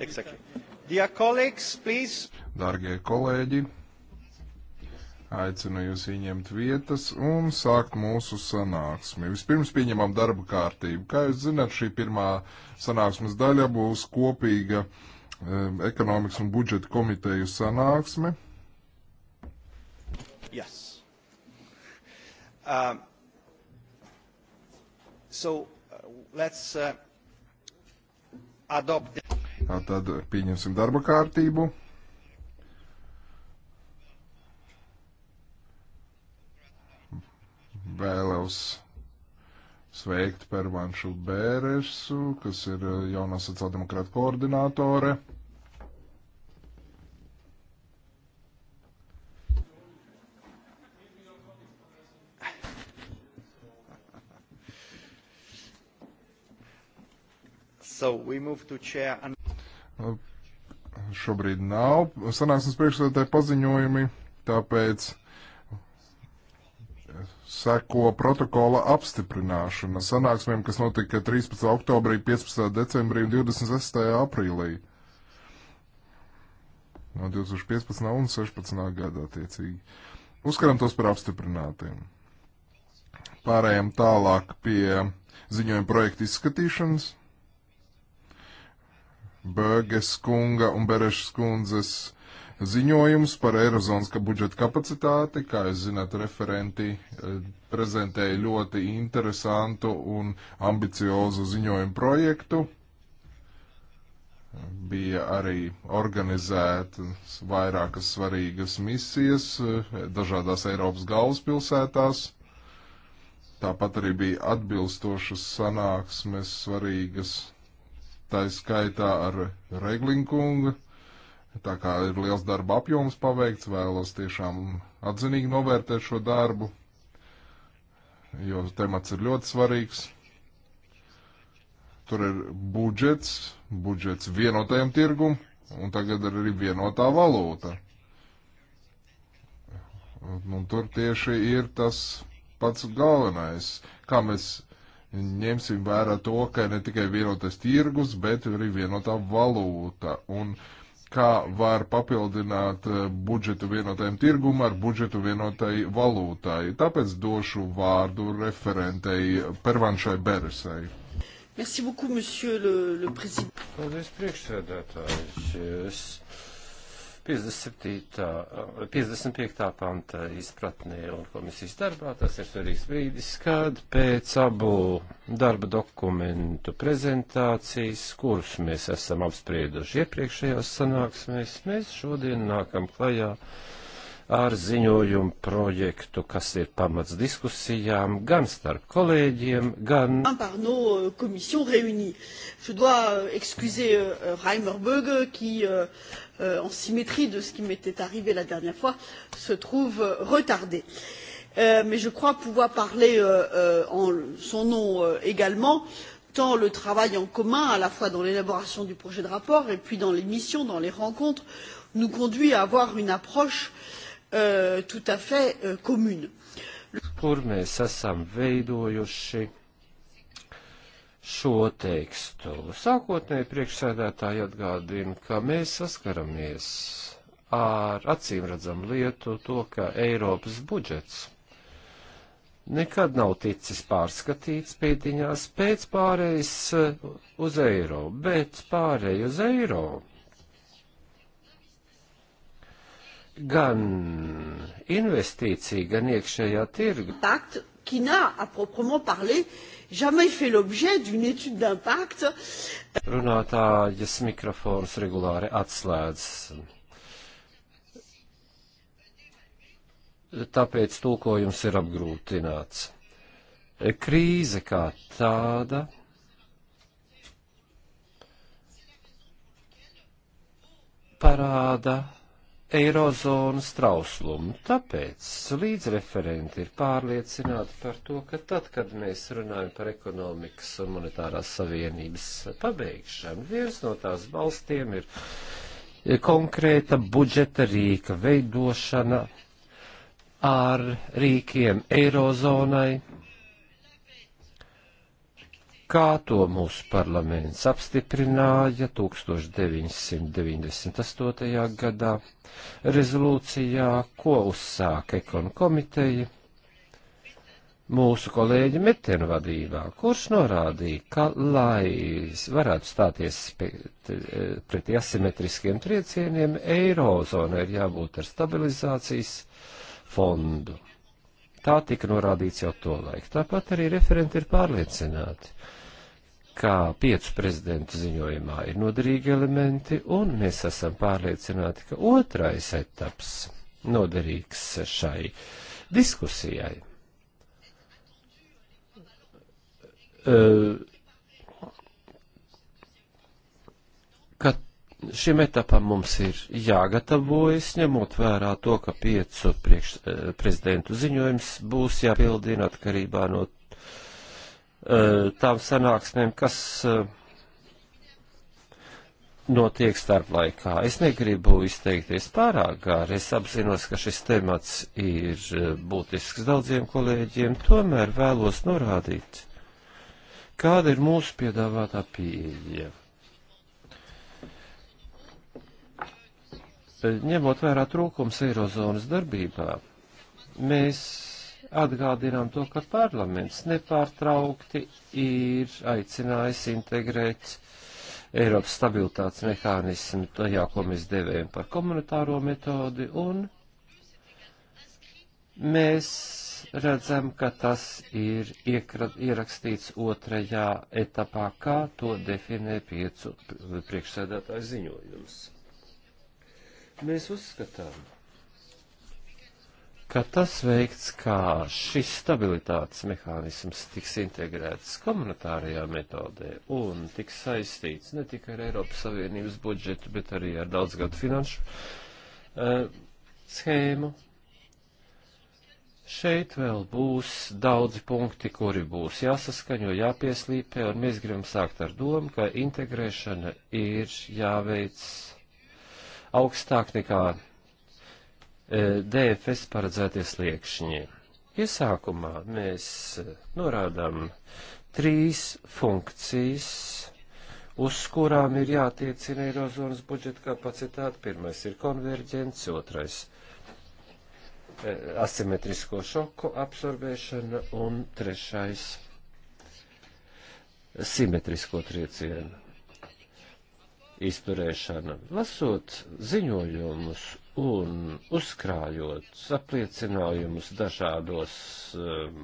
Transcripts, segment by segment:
Exactly. Dear colleagues, please. Dargie kolēģi, aicinu jūs ieņemt vietas un sākt mūsu sanāksmi. Vispirms pieņemam darba kārtību. Kā jūs zināt, šī pirmā sanāksmes daļa būs kopīga um, ekonomikas un budžeta komiteju sanāksme. Yes. Um, so, uh, let's uh, adopt. The Tad pieņemsim darba kārtību. Vēlos sveikt Pervanšu Bērešu, kas ir jaunā sociāldemokrāta koordinātore. So we move to chair and šobrīd nav sanāksmes priekšsēdētāji paziņojumi, tāpēc seko protokola apstiprināšana sanāksmēm, kas notika 13. oktobrī, 15. decembrī un 26. aprīlī. No 2015. un 16. gada attiecīgi. Uzskatām tos par apstiprinātiem. Pārējām tālāk pie ziņojuma projekta izskatīšanas. Bēges kunga un Berešas kundzes ziņojums par Eirozonas budžeta kapacitāti. Kā jūs zināt, referenti eh, prezentēja ļoti interesantu un ambiciozu ziņojumu projektu. Bija arī organizētas vairākas svarīgas misijas eh, dažādās Eiropas galvaspilsētās. Tāpat arī bija atbilstošas sanāksmes svarīgas tā skaitā ar Reglinkungu. Tā kā ir liels darba apjoms paveikts, vēlos tiešām atzinīgi novērtēt šo darbu, jo temats ir ļoti svarīgs. Tur ir budžets, budžets vienotajam tirgum, un tagad ir arī vienotā valūta. Un, un tur tieši ir tas pats galvenais, kā mēs ņemsim vērā to, ka ne tikai vienotais tirgus, bet arī vienotā valūta. Un kā var papildināt eh, budžetu vienotajam tirgumam ar budžetu vienotai valūtai. Tāpēc došu vārdu referentei Pervanšai Beresai. Merci beaucoup, monsieur le, le président. Paldies, priekšsēdētājs. Es 57, 55. panta izpratnē un komisijas darbā. Tas ir svarīgs brīdis, kad pēc abu darba dokumentu prezentācijas, kurus mēs esam apsprieduši iepriekšējās sanāksmēs, mēs šodien nākam klajā. Uh, ar ziņojumu projektu, kas ir pamats diskusijām gan starp kolēģiem, gan. Par nos komisijām euh, réunies. Je dois euh, excuser euh, Reimerberg, qui, en symétrie de ce qui m'était arrivé la dernière fois, se trouve retardé. Mais je crois pouvoir parler en son nom également tant le travail en commun à la fois dans l'élaboration du projet de rapport et puis dans les missions dans les rencontres nous conduit à avoir une approche euh, euh, tout à fait euh, commune. Kur mēs esam veidojuši šo tekstu? Sākotnēji priekšsēdētāji atgādina, ka mēs saskaramies ar acīmredzamu lietu to, ka Eiropas budžets nekad nav ticis pārskatīts pēdiņās pēc pārējas uz eiro, bet pārēju uz eiro gan investīcija, gan iekšējā tirga. qui n'a, à proprement parler, jamais fait l'objet d'une étude d'impact. Runātājas mikrofons regulāri atslēdz. Tāpēc tulkojums ir apgrūtināts. Krīze kā tāda. parāda eirozonas trauslumu. Tāpēc līdzreferenti ir pārliecināti par to, ka tad, kad mēs runājam par ekonomikas un monetārās savienības pabeigšanu, viens no tās valstiem ir konkrēta budžeta rīka veidošana ar rīkiem eirozonai, kā to mūsu parlaments apstiprināja 1998. gadā rezolūcijā, ko uzsāka ekonu komiteja mūsu kolēģi Metena vadībā, kurš norādīja, ka, lai varētu stāties e, pret asimetriskiem triecieniem, eirozona ir jābūt ar stabilizācijas fondu. Tā tika norādīts jau to laiku. Tāpat arī referenti ir pārliecināti, kā piecu prezidentu ziņojumā ir noderīgi elementi, un mēs esam pārliecināti, ka otrais etaps noderīgs šai diskusijai. Ka šim etapam mums ir jāgatavojas, ņemot vērā to, ka piecu priekš, prezidentu ziņojums būs jāpildina atkarībā no Eh, tām sanāksmēm, kas eh, notiek starp laikā. Es negribu izteikties pārāk gāri, es apzinos, ka šis temats ir eh, būtisks daudziem kolēģiem, tomēr vēlos norādīt, kāda ir mūsu piedāvātā pieeja. Ņemot vērā trūkums Eirozonas darbībā, mēs Atgādinām to, ka parlaments nepārtraukti ir aicinājis integrēt Eiropas stabilitātes mehānismu tajā, ko mēs devējam par komunitāro metodi, un mēs redzam, ka tas ir ierakstīts otrajā etapā, kā to definē piecu priekšsēdētāju ziņojums. Mēs uzskatām, ka tas veikts, kā šis stabilitātes mehānisms tiks integrēts komunitārajā metodē un tiks saistīts ne tikai ar Eiropas Savienības budžetu, bet arī ar daudzgadu finanšu uh, schēmu. Šeit vēl būs daudzi punkti, kuri būs jāsaskaņo, jāpieslīpē, un mēs gribam sākt ar domu, ka integrēšana ir jāveic augstāk nekā E, DFS paredzētie sliekšņi. Iesākumā mēs e, norādām trīs funkcijas, uz kurām ir jātiecina Eirozonas budžeta kapacitāte. Pirmais ir konverģents, otrais e, asimetrisko šoku absorbēšana un trešais simetrisko triecienu izturēšana. Lasot ziņojumus un uzkrājot apliecinājumus dažādos um,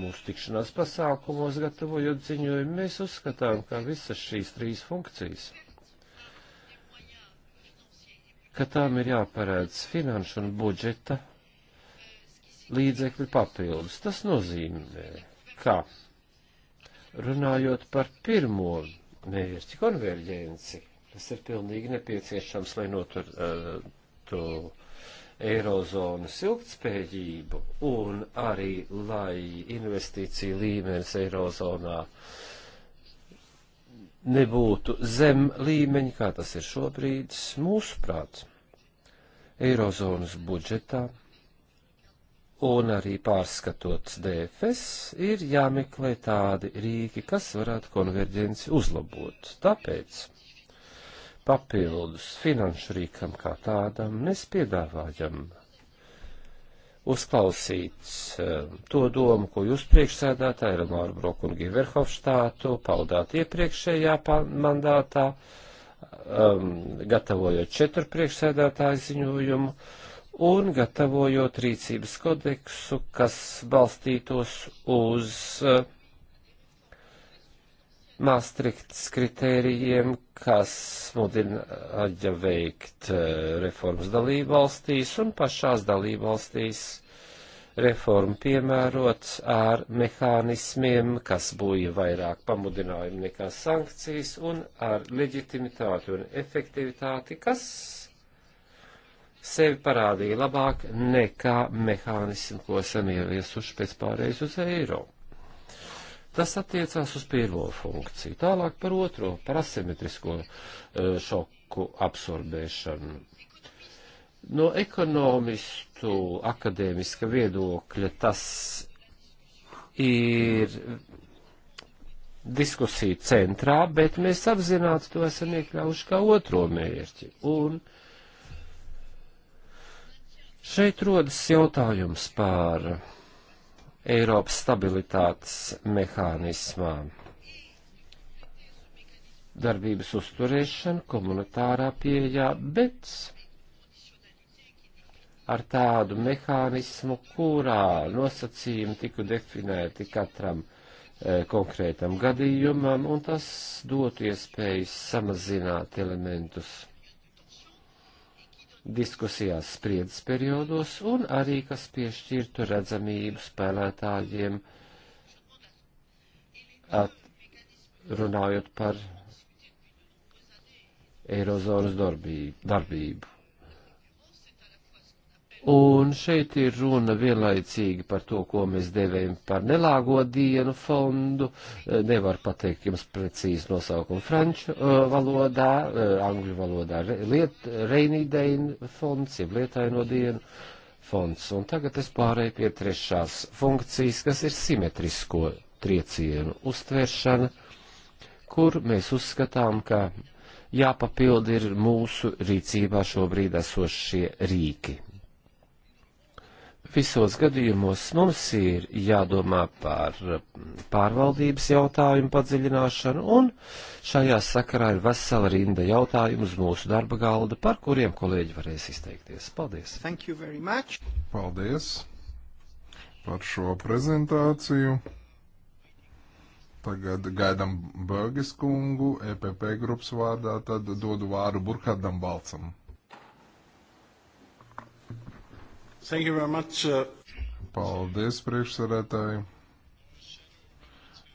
mūsu tikšanās pasākumos, gatavojot ziņojumu, mēs uzskatām, ka visas šīs trīs funkcijas, ka tām ir jāparēdz finanšu un budžeta līdzekļu papildus. Tas nozīmē, ka runājot par pirmo mērķi konverģenci, kas ir pilnīgi nepieciešams, lai notur, uh, panāktu Eirozonas ilgtspējību un arī, lai investīcija līmenis Eirozonā nebūtu zem līmeņa, kā tas ir šobrīd, mūsuprāt, Eirozonas budžetā un arī pārskatot DFS, ir jāmeklē tādi rīki, kas varētu konverģenci uzlabot. Tāpēc papildus finanšu rīkam kā tādam, mēs piedāvājam uzklausīt eh, to domu, ko jūs priekšsēdētāji Elmāru Broku un Giverhofštātu paudāt iepriekšējā mandātā, um, gatavojot četru priekšsēdētāju ziņojumu un gatavojot rīcības kodeksu, kas balstītos uz uh, Maastrichts kritērijiem, kas mudina aģa veikt eh, reformas dalībvalstīs un pašās dalībvalstīs reformu piemērot ar mehānismiem, kas būja vairāk pamudinājumi nekā sankcijas un ar leģitimitāti un efektivitāti, kas sevi parādīja labāk nekā mehānismi, ko esam ieviesuši pēc pārējais uz Eiropu. Tas attiecās uz pirmo funkciju. Tālāk par otro, par asimetrisko e, šoku absorbēšanu. No ekonomistu akadēmiska viedokļa tas ir diskusija centrā, bet mēs apzināti to esam iekļaujuši kā otro mērķi. Un šeit rodas jautājums par Eiropas stabilitātes mehānismā. Darbības uzturēšana komunitārā pieejā, bet ar tādu mehānismu, kurā nosacījumi tiku definēti katram e, konkrētam gadījumam, un tas dotu iespējas samazināt elementus diskusijās spriedzes periodos un arī, kas piešķirtu redzamību spēlētājiem, at, runājot par Eirozonas darbību. Un šeit ir runa vienlaicīgi par to, ko mēs devējam par nelāgo dienu fondu. Eh, nevar pateikt jums precīzi nosaukumu franču eh, valodā, eh, angļu valodā liet, Reinīdeina fonds, jeb lietaino dienu fonds. Un tagad es pārēju pie trešās funkcijas, kas ir simetrisko triecienu uztvēršana, kur mēs uzskatām, ka jāpapildi ir mūsu rīcībā šobrīd esošie rīki Visos gadījumos mums ir jādomā par pārvaldības jautājumu padziļināšanu, un šajā sakarā ir vesela rinda jautājumu uz mūsu darba galda, par kuriem kolēģi varēs izteikties. Paldies! Paldies par šo prezentāciju! Tagad gaidām Bērgis kungu, EPP grupas vārdā, tad dodu vāru Burkhardam Balcam. Thank you very much. Uh, Paldies, priekšsarētāji.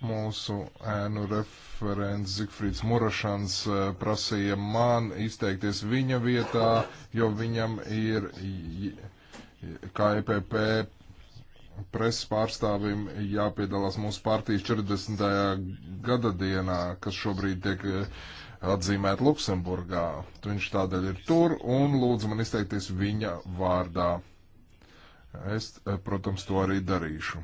Mūsu ēnu referents Zigfrīds Murašans uh, prasīja man izteikties viņa vietā, jo viņam ir KPP e preses pārstāvim jāpiedalās mūsu partijas 40. gada dienā, kas šobrīd tiek uh, atzīmēt Luksemburgā. Viņš tādēļ ir tur un lūdzu man izteikties viņa vārdā. Es, eh, protams, to arī darīšu.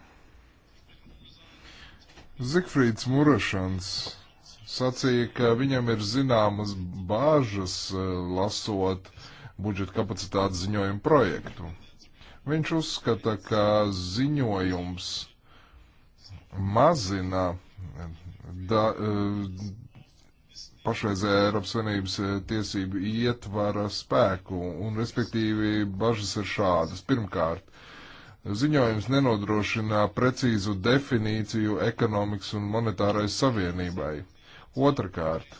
Zigfrīds Murašans sacīja, ka viņam ir zināmas bāžas eh, lasot budžeta kapacitātes ziņojumu projektu. Viņš uzskata, ka ziņojums mazina da, eh, pašreizējā Eiropas Savienības eh, tiesību ietvara spēku, un respektīvi bažas ir šādas. Pirmkārt, ziņojums nenodrošina precīzu definīciju ekonomikas un monetārai savienībai. Otrakārt,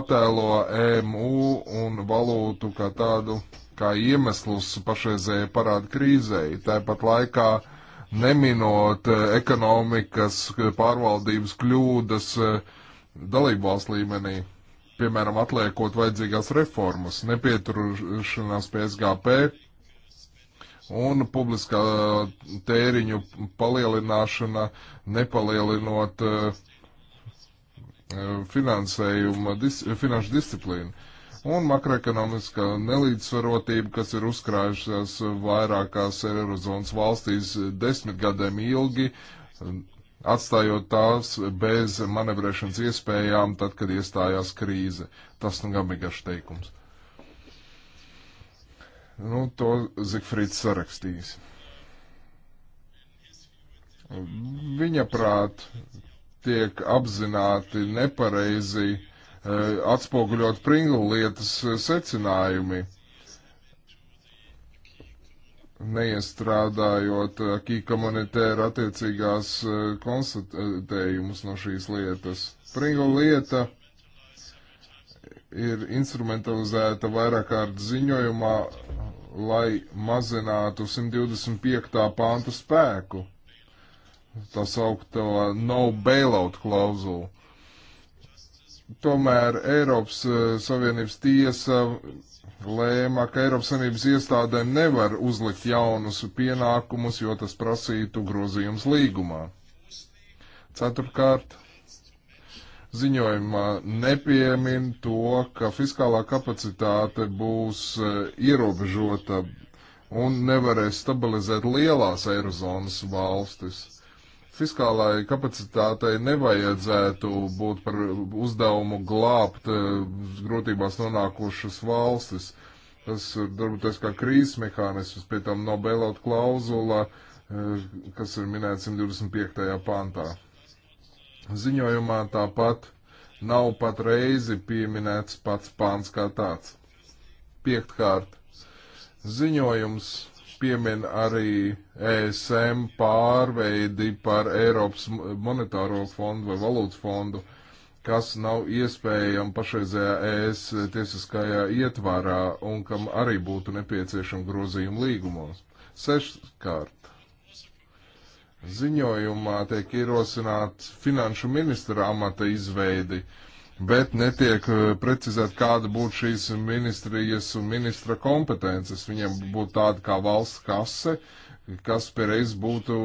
attēlo EMU un valūtu kā tādu kā iemeslus pašreizējai parāda krīzei. Tāpat laikā uh, neminot eh, ekonomikas eh, pārvaldības kļūdas eh, dalībvalsts līmenī, piemēram, atliekot vajadzīgās reformas, nepieturšanās pie SGP un publiskā tēriņu palielināšana, nepalielinot finansējuma, dis, finanšu disciplīnu un makroekonomiskā nelīdzsvarotība, kas ir uzkrājušās vairākās Eirozonas valstīs desmitgadēm ilgi, atstājot tās bez manevrēšanas iespējām, tad, kad iestājās krīze. Tas nu gan bija garš teikums. Nu, to Zigfrīds sarakstījis. Viņa prāt tiek apzināti nepareizi uh, Eh, atspoguļot Pringlu lietas eh, secinājumi, neiestrādājot eh, kīkomunitēra attiecīgās konstatējumus no šīs lietas. Pringlu lieta ir instrumentalizēta vairāk kārt ziņojumā, lai mazinātu 125. pānta spēku, tā saukto no bailout klauzulu. Tomēr Eiropas eh, Savienības tiesa lēma, ka Eiropas Savienības iestādēm nevar uzlikt jaunus pienākumus, jo tas prasītu grozījums līgumā. Ceturkārt, ziņojumā nepiemin to, ka fiskālā kapacitāte būs eh, ierobežota un nevarēs stabilizēt lielās Eirozonas valstis fiskālai kapacitātei nevajadzētu būt par uzdevumu glābt eh, grūtībās nonākušas valstis. Tas ir darboties kā krīzes mehānisms, pie tam nav bailout klauzula, eh, kas ir minēta 125. pantā. Ziņojumā tāpat nav pat reizi pieminēts pats pāns kā tāds. Piektkārt, ziņojums piemin arī ESM pārveidi par Eiropas monetāro fondu vai valūtas fondu, kas nav iespējama pašreizējā ES tiesiskajā ietvarā un kam arī būtu nepieciešama grozījuma līgumos. Seškārt. Ziņojumā tiek ierosināts finanšu ministra amata izveidi. Uh, bet netiek eh, precizēt, kāda būtu šīs ministrijas un ministra kompetences. Viņiem būtu tāda kā valsts kase, kas pēreiz būtu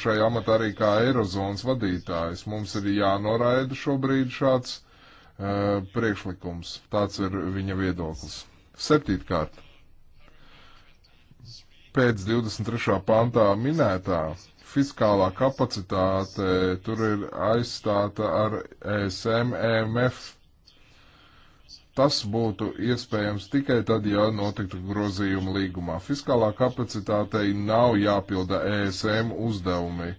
šai amatā arī kā Eirozonas vadītājs. Mums ir jānoraida šobrīd šāds uh, priekšlikums. Tāds ir viņa viedoklis. Septītkārt. Pēc 23. pantā minētā fiskālā kapacitāte tur ir aizstāta ar ESM, EMF. Tas būtu iespējams tikai tad, ja notiktu grozījuma līgumā. Fiskālā kapacitātei nav jāpilda ESM uzdevumi,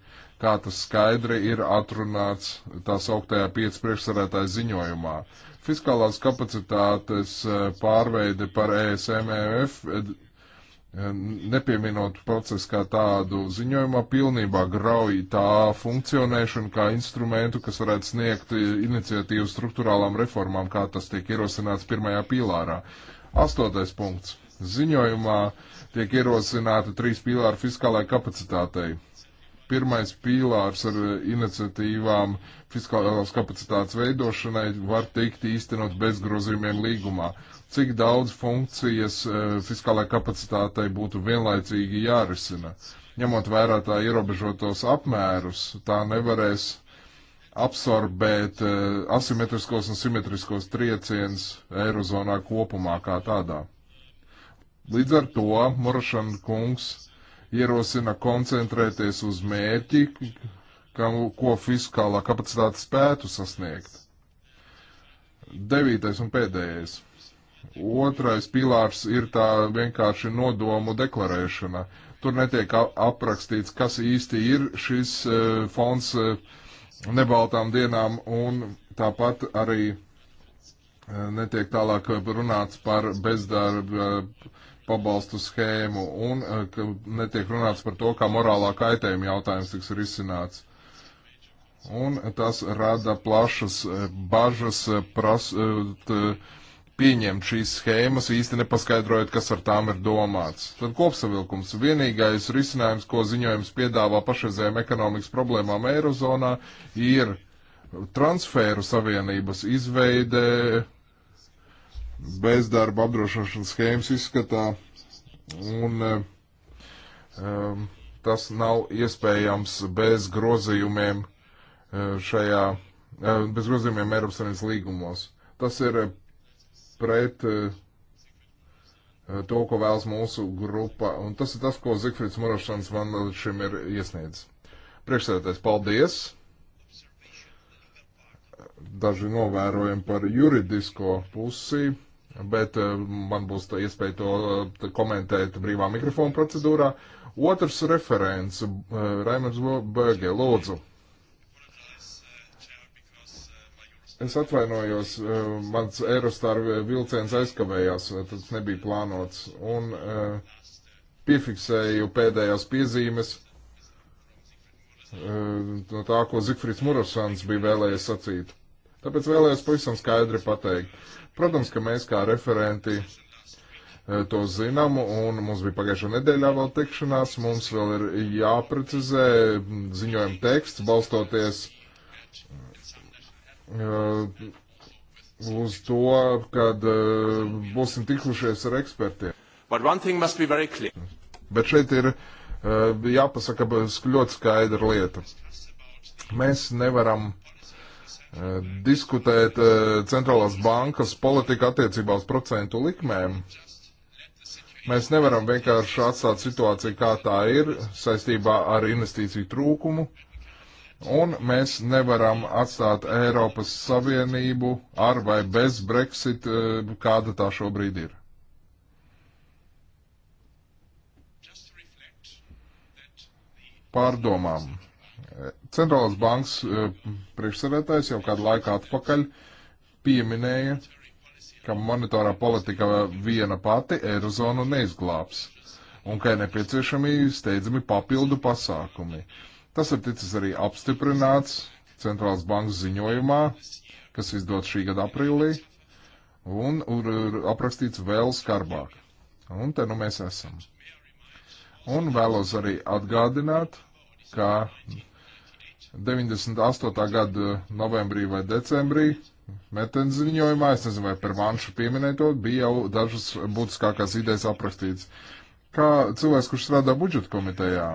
kā tas skaidri ir atrunāts tā sauktajā piec priekšsarētāja ziņojumā. Fiskālās kapacitātes eh, pārveide par ESMF e nepieminot procesu kā tādu ziņojumā, pilnībā grauj tā funkcionēšanu kā instrumentu, kas varētu sniegt iniciatīvu struktūrālām reformām, kā tas tiek ierosināts pirmajā pīlārā. Astotais punkts. Ziņojumā tiek ierosināta trīs pīlāru fiskālai kapacitātei. Pirmais pīlārs ar iniciatīvām fiskālās kapacitātes veidošanai var tikt īstenot bez grozījumiem līgumā cik daudz funkcijas eh, fiskālajai kapacitātei būtu vienlaicīgi jārisina. Ņemot vērā tā ierobežotos apmērus, tā nevarēs absorbēt eh, asimetriskos un simetriskos triecienus Eirozonā kopumā kā tādā. Līdz ar to Morašana kungs ierosina koncentrēties uz mērķi, kam, ko fiskālā kapacitāte spētu sasniegt. Devītais un pēdējais Otrais pilārs ir tā vienkārši nodomu deklarēšana. Tur netiek aprakstīts, kas īsti ir šis e, fonds e, nebaltām dienām, un tāpat arī e, netiek tālāk runāts par bezdarba pabalstu schēmu, un netiek runāts par to, kā morālā kaitējuma jautājums tiks risināts. Un tas rada plašas bažas, pras, t, pieņemt šīs schēmas, īsti nepaskaidrojot, kas ar tām ir domāts. Tad kopsavilkums - vienīgais risinājums, ko ziņojums piedāvā pašreizējām ekonomikas problēmām Eirozonā, ir transferu savienības izveide bezdarba apdrošināšanas schēmas izskatā, un um, tas nav iespējams bez grozījumiem uh, šajā, uh, bez grozījumiem Eiropas Savienības līgumos. Tas ir pret eh, to, ko vēlas mūsu grupa. Un tas ir tas, ko Zikfrīds Murašans man līdz šim ir iesniedzis. Priekšsēdētājs, paldies! Daži novērojam par juridisko pusi, bet eh, man būs tā iespēja to eh, komentēt brīvā mikrofona procedūrā. Otrs referents, Raimunds Bēge, lūdzu. Es atvainojos, eh, mans Eurostar vilciens aizkavējās, eh, tas nebija plānots, un eh, piefiksēju pēdējās piezīmes no tā, ko Zikfrīds Murasans bija vēlējies sacīt. Tāpēc vēlējos pavisam skaidri pateikt. Protams, ka mēs kā referenti to zinām, un mums bija pagājušā nedēļā vēl tikšanās, mums vēl ir jāprecizē ziņojuma teksts, balstoties Uh, uz to, kad uh, būsim tikušies ar ekspertiem. Bet šeit ir uh, jāpasaka ļoti skaidra lieta. Mēs nevaram diskutēt centrālās bankas politika attiecībā uz procentu likmēm. Mēs nevaram vienkārši atstāt situāciju, kā tā ir, saistībā ar investīciju trūkumu Un mēs nevaram atstāt Eiropas Savienību ar vai bez Brexit, e, kāda tā šobrīd ir. Pārdomām. Centrālās bankas e, priekšsēdētājs jau kādu laiku atpakaļ pieminēja, ka monetārā politika viena pati Eirozonu neizglābs un ka ir nepieciešami steidzami papildu pasākumi. Uh, Tas ir ticis arī apstiprināts Centrālās bankas ziņojumā, kas izdot šī gada aprīlī, un ir aprakstīts vēl skarbāk. Un te nu mēs esam. Un vēlos arī atgādināt, ka 98. gada novembrī vai decembrī Metens ziņojumā, es nezinu, vai par vanšu pieminēto, bija jau dažas būtiskākās idejas aprakstīts. Kā cilvēks, kurš strādā budžeta komitejā,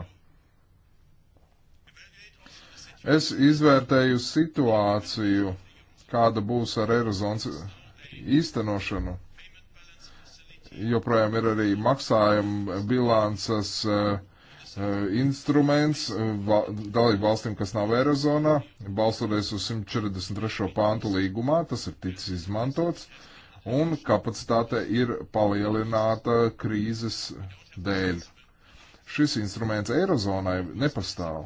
Es izvērtēju situāciju, kāda būs ar Eirozonas īstenošanu. Joprojām ir arī maksājuma bilances uh, instruments eh, va, dalību valstīm, kas nav Eirozonā, balstoties uz 143. pāntu līgumā, tas ir ticis izmantots, un kapacitāte ir palielināta krīzes dēļ. Šis instruments Eirozonai nepastāv.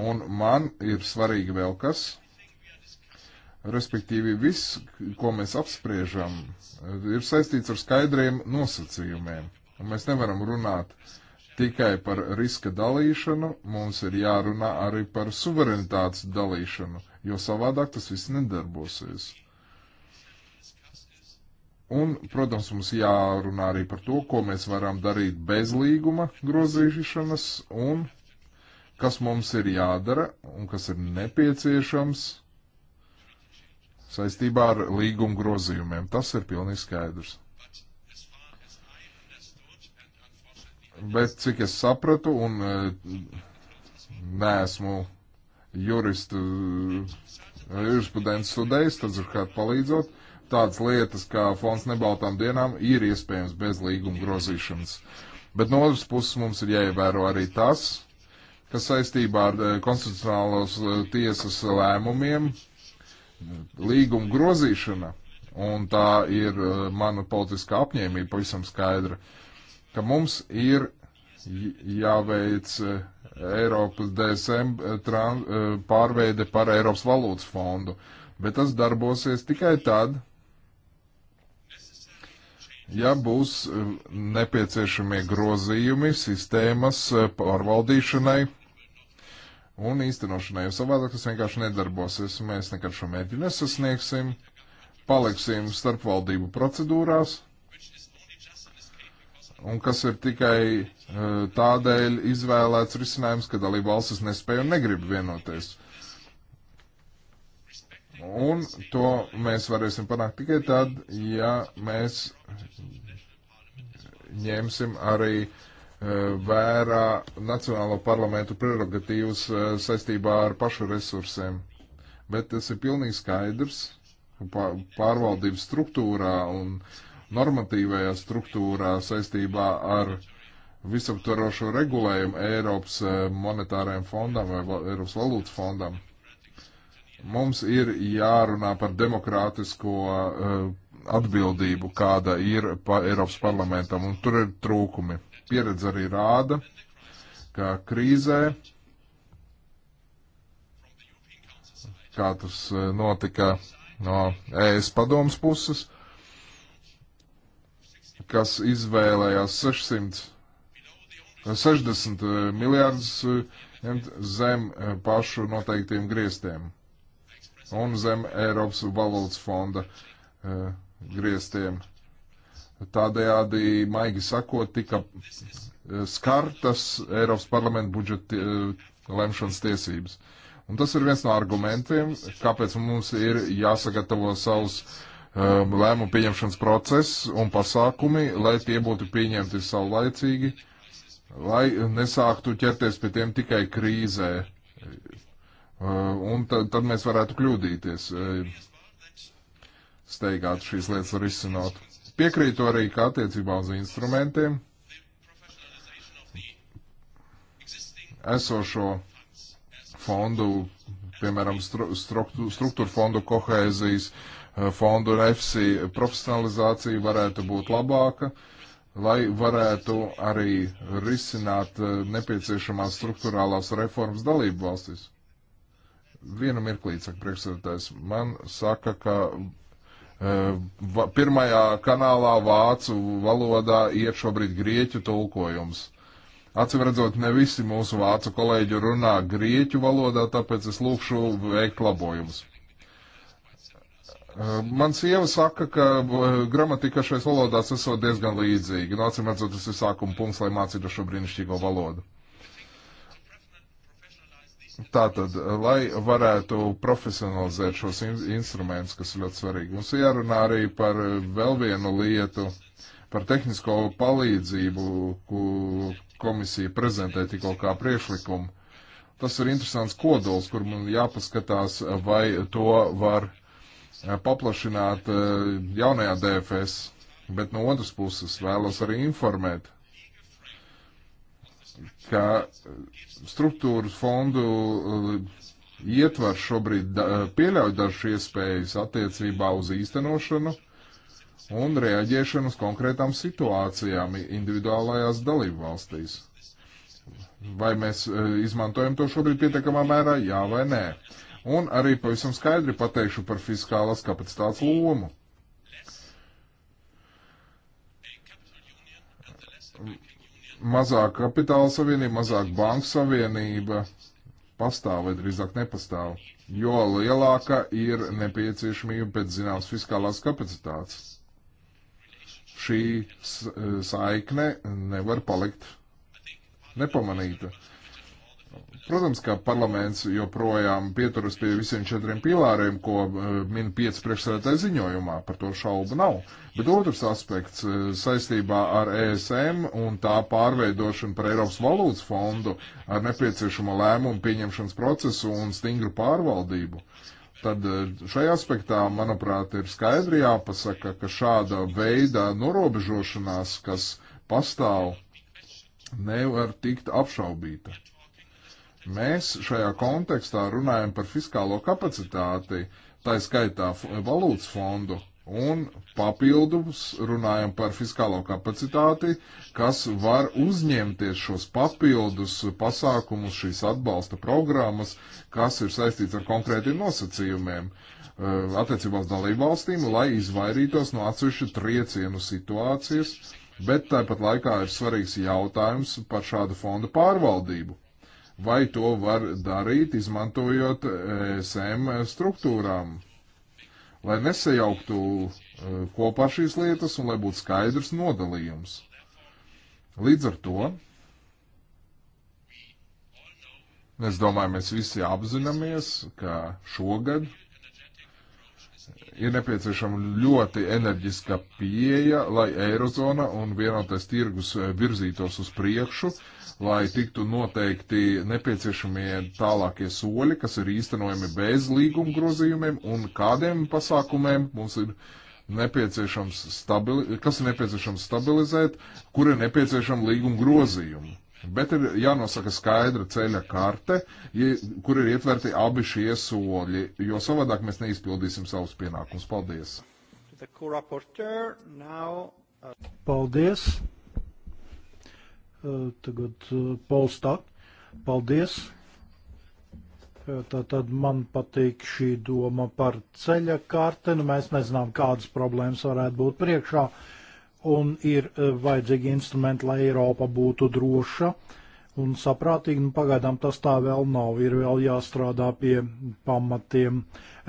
Un man ir svarīgi vēl kas. Respektīvi, viss, ko mēs apspriežam, ir saistīts ar skaidriem nosacījumiem. Un mēs nevaram runāt tikai par riska dalīšanu, mums ir jārunā arī par suverenitātes dalīšanu, jo savādāk tas viss nedarbosies. Un, protams, mums jārunā arī par to, ko mēs varam darīt bez līguma grozīšanas un kas mums ir jādara un kas ir nepieciešams saistībā ar līguma grozījumiem. Tas ir pilnīgi skaidrs. Bet cik es sapratu un eh, neesmu juristu, eh, jurisprudents studējis, tad ir kāds palīdzot. Tādas lietas kā fonds nebaltām dienām ir iespējams bez līguma grozīšanas. Bet no otras puses mums ir jāievēro arī tas, kas saistībā ar eh, konstitucionālos eh, tiesas lēmumiem, līguma grozīšana, un tā ir eh, mana politiskā apņēmība pavisam skaidra, ka mums ir jāveic Eiropas DSM pārveide par Eiropas valūtas fondu, bet tas darbosies tikai tad, ja būs nepieciešamie grozījumi sistēmas pārvaldīšanai un īstenošanai, jo savādāk tas vienkārši nedarbosies, mēs nekad šo mērķi nesasniegsim, paliksim starpvaldību procedūrās, un kas ir tikai e, tādēļ izvēlēts risinājums, ka dalība valstis nespēja un negrib vienoties. Un to mēs varēsim panākt tikai tad, ja mēs ņemsim arī uh, Eh, vērā Nacionālo parlamentu prerogatīvas eh, saistībā ar pašu resursiem. Bet tas ir pilnīgi skaidrs pārvaldības struktūrā un normatīvajā struktūrā saistībā ar visaptvarošo regulējumu Eiropas eh, monetārajam fondam vai Eiropas valūtas fondam. Mums ir jārunā par demokrātisko atbildību, kāda ir pa Eiropas parlamentam, un tur ir trūkumi pieredze arī rāda, ka krīzē, kā tas e, notika no ES padomas puses, kas izvēlējās 600, 60 e, miljārdus e, zem pašu noteiktiem griestiem un zem Eiropas valodas fonda griestiem. Tādējādi, maigi sakot, tika eh, skartas Eiropas parlamenta budžeta eh, lemšanas tiesības. Un tas ir viens no argumentiem, kāpēc mums ir jāsagatavo savus um, lēmumu pieņemšanas process un pasākumi, lai tie būtu pieņemti saulaicīgi, lai nesāktu ķerties pie tiem tikai krīzē. Un tad, tad mēs varētu kļūdīties, steigāt šīs lietas var izsināt. Piekrītu arī, ka attiecībā uz instrumentiem esošo fondu, piemēram, stru, struktūru fondu kohēzijas eh, fondu un EFSI profesionalizācija varētu būt labāka, lai varētu arī risināt eh, nepieciešamās struktūrālās reformas dalību valstis. Vienu mirklīt, saka priekšsēdētājs, man saka, ka Eh, pirmajā kanālā vācu valodā iet šobrīd grieķu tulkojums. Acīm redzot, ne visi mūsu vācu kolēģi runā grieķu valodā, tāpēc es lūkšu veikt labojumus. Eh, man sieva saka, ka eh, gramatika šais valodās esot diezgan līdzīga. Nu, acīm redzot, tas ir sākuma punkts, lai mācītu šo brīnišķīgo valodu. Tātad, lai varētu profesionalizēt šos in instrumentus, kas ir ļoti svarīgi, mums ir jārunā arī par eh, vēl vienu lietu, par tehnisko palīdzību, ko komisija prezentē tikko kā priekšlikumu. Tas ir interesants kodols, kur man jāpaskatās, vai to var eh, paplašināt eh, jaunajā DFS, bet no otras puses vēlos arī informēt ka eh, struktūras fondu eh, ietvar šobrīd eh, pieļauj dažas iespējas attiecībā uz īstenošanu un reaģēšanu uz konkrētām situācijām individuālajās dalību valstīs. Vai mēs izmantojam to šobrīd pietiekamā mērā, jā vai nē. Un arī pavisam skaidri pateikšu par fiskālās kapacitātes lomu mazāk kapitāla savienība, mazāk banku savienība pastāv vai drīzāk nepastāv, jo lielāka ir nepieciešamība pēc zināmas fiskālās kapacitātes. Šī e, saikne nevar palikt nepamanīta. Protams, ka parlaments joprojām pieturas pie visiem četriem pilāriem, ko eh, min pieci priekšsēdētāji ziņojumā, par to šaubu nav. Bet otrs aspekts eh, saistībā ar ESM un tā pārveidošanu par Eiropas valūtas fondu ar nepieciešamo lēmumu pieņemšanas procesu un stingru pārvaldību. Tad eh, šajā aspektā, manuprāt, ir skaidri jāpasaka, ka šāda veida norobežošanās, kas pastāv, nevar tikt apšaubīta. Mēs šajā kontekstā runājam par fiskālo kapacitāti, tā skaitā valūtas fondu, un papildus runājam par fiskālo kapacitāti, kas var uzņemties šos papildus pasākumus, šīs atbalsta programmas, kas ir saistīts ar konkrētiem nosacījumiem eh, attiecībās dalībvalstīm, lai izvairītos no atsevišķu triecienu situācijas, bet tāpat laikā ir svarīgs jautājums par šādu fondu pārvaldību. Vai to var darīt, izmantojot ESM eh, struktūrām? Lai nesajauktu eh, kopā šīs lietas un lai būtu skaidrs nodalījums. Līdz ar to, es domāju, mēs visi apzināmies, ka šogad ir nepieciešama ļoti enerģiska pieeja, lai Eirozona un vienotais tirgus eh, virzītos uz priekšu, lai tiktu noteikti nepieciešamie tālākie soļi, kas ir īstenojami bez līguma grozījumiem un kādiem pasākumiem mums ir nepieciešams, stabili kas ir nepieciešams stabilizēt, kur ir nepieciešama līguma grozījuma. Bet ir jānosaka skaidra ceļa karte, kur ir ietverti abi šie soļi, jo savādāk mēs neizpildīsim savus pienākumus. Paldies! Uh, Paldies! Uh, tagad uh, Polstā. Paldies! Tātad man patīk šī doma par ceļa karti. Nu, mēs nezinām, kādas problēmas varētu būt priekšā. Uh, un ir eh, vajadzīgi instrumenti, lai Eiropa būtu droša un saprātīga. Nu, pagaidām tas tā vēl nav, ir vēl jāstrādā pie pamatiem.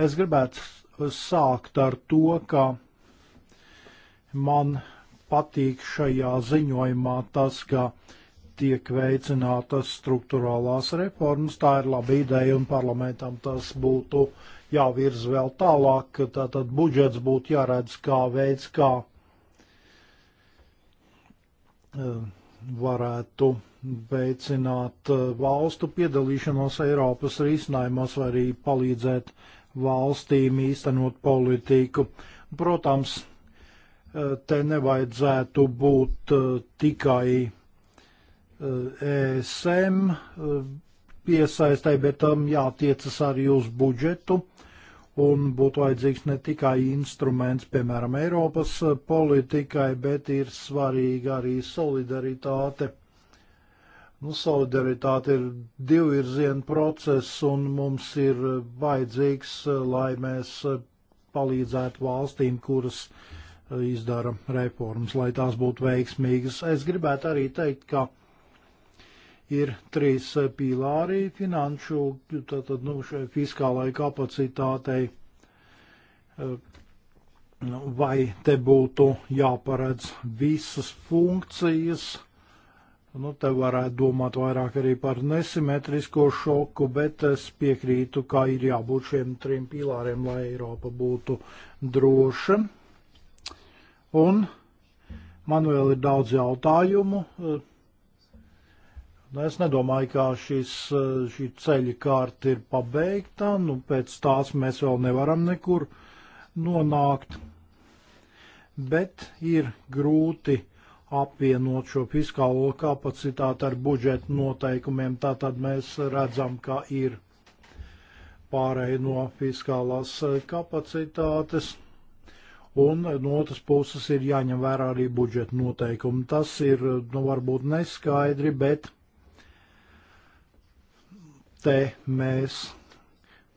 Es gribētu eh, sākt ar to, ka man patīk šajā ziņojumā tas, ka tiek veicinātas struktūrālās reformas. Tā ir laba ideja un parlamentam tas būtu jāvirz vēl tālāk. Tātad budžets būtu jāredz kā veids, kā Ehm, varētu veicināt eh, valstu piedalīšanos Eiropas risinājumos vai arī palīdzēt valstīm īstenot politiku. Protams, eh, te nevajadzētu būt eh, tikai ESM e piesaistai, bet tam jātiecas arī uz budžetu. Uh, un būtu vajadzīgs ne tikai instruments, piemēram, Eiropas eh, politikai, bet ir svarīga arī solidaritāte. Nu, solidaritāte ir divvirziena process, un mums ir eh, vajadzīgs, eh, lai mēs palīdzētu valstīm, kuras izdara reformas, lai tās būtu veiksmīgas. Es gribētu arī teikt, ka ir trīs pīlāri finanšu, tātad, nu, šai fiskālai kapacitātei. Nu, vai te būtu jāparedz visas funkcijas? Nu, te varētu domāt vairāk arī par nesimetrisko šoku, bet es piekrītu, ka ir jābūt šiem trim pīlāriem, lai Eiropa būtu droša. Un man vēl ir daudz jautājumu Nu, es nedomāju, ka šis, šī ceļa kārta ir pabeigta, nu pēc tās mēs vēl nevaram nekur nonākt. Bet ir grūti apvienot šo fiskālo kapacitāti ar budžeta noteikumiem, tātad mēs redzam, ka ir pārēja no fiskālās eh, kapacitātes, un eh, no otras puses ir jāņem vērā arī budžeta noteikumi. Tas ir, nu, varbūt neskaidri, bet te mēs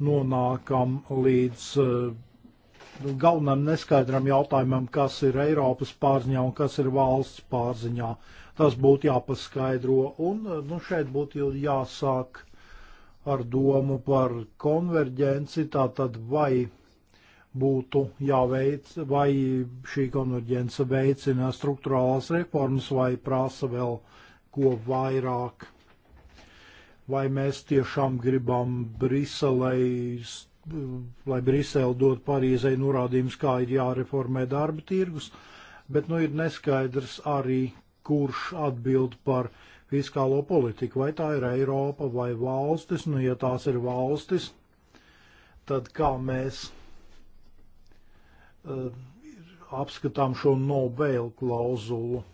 nonākam līdz eh, galvenam neskaidram jautājumam, kas ir Eiropas pārziņā un kas ir valsts pārziņā. Tas būtu jāpaskaidro, un eh, nu, šeit būtu jāsāk ar domu par konverģenci, tātad vai būtu jāveic, vai šī konverģence veicina struktūrālās reformas vai prasa vēl ko vairāk vai mēs tiešām gribam Briselei, lai Brisele dod Parīzai norādījumus, kā ir jāreformē darba tirgus, bet nu ir neskaidrs arī, kurš atbild par fiskālo politiku, vai tā ir Eiropa vai valstis, nu ja tās ir valstis, tad kā mēs uh, apskatām šo nobeil klauzulu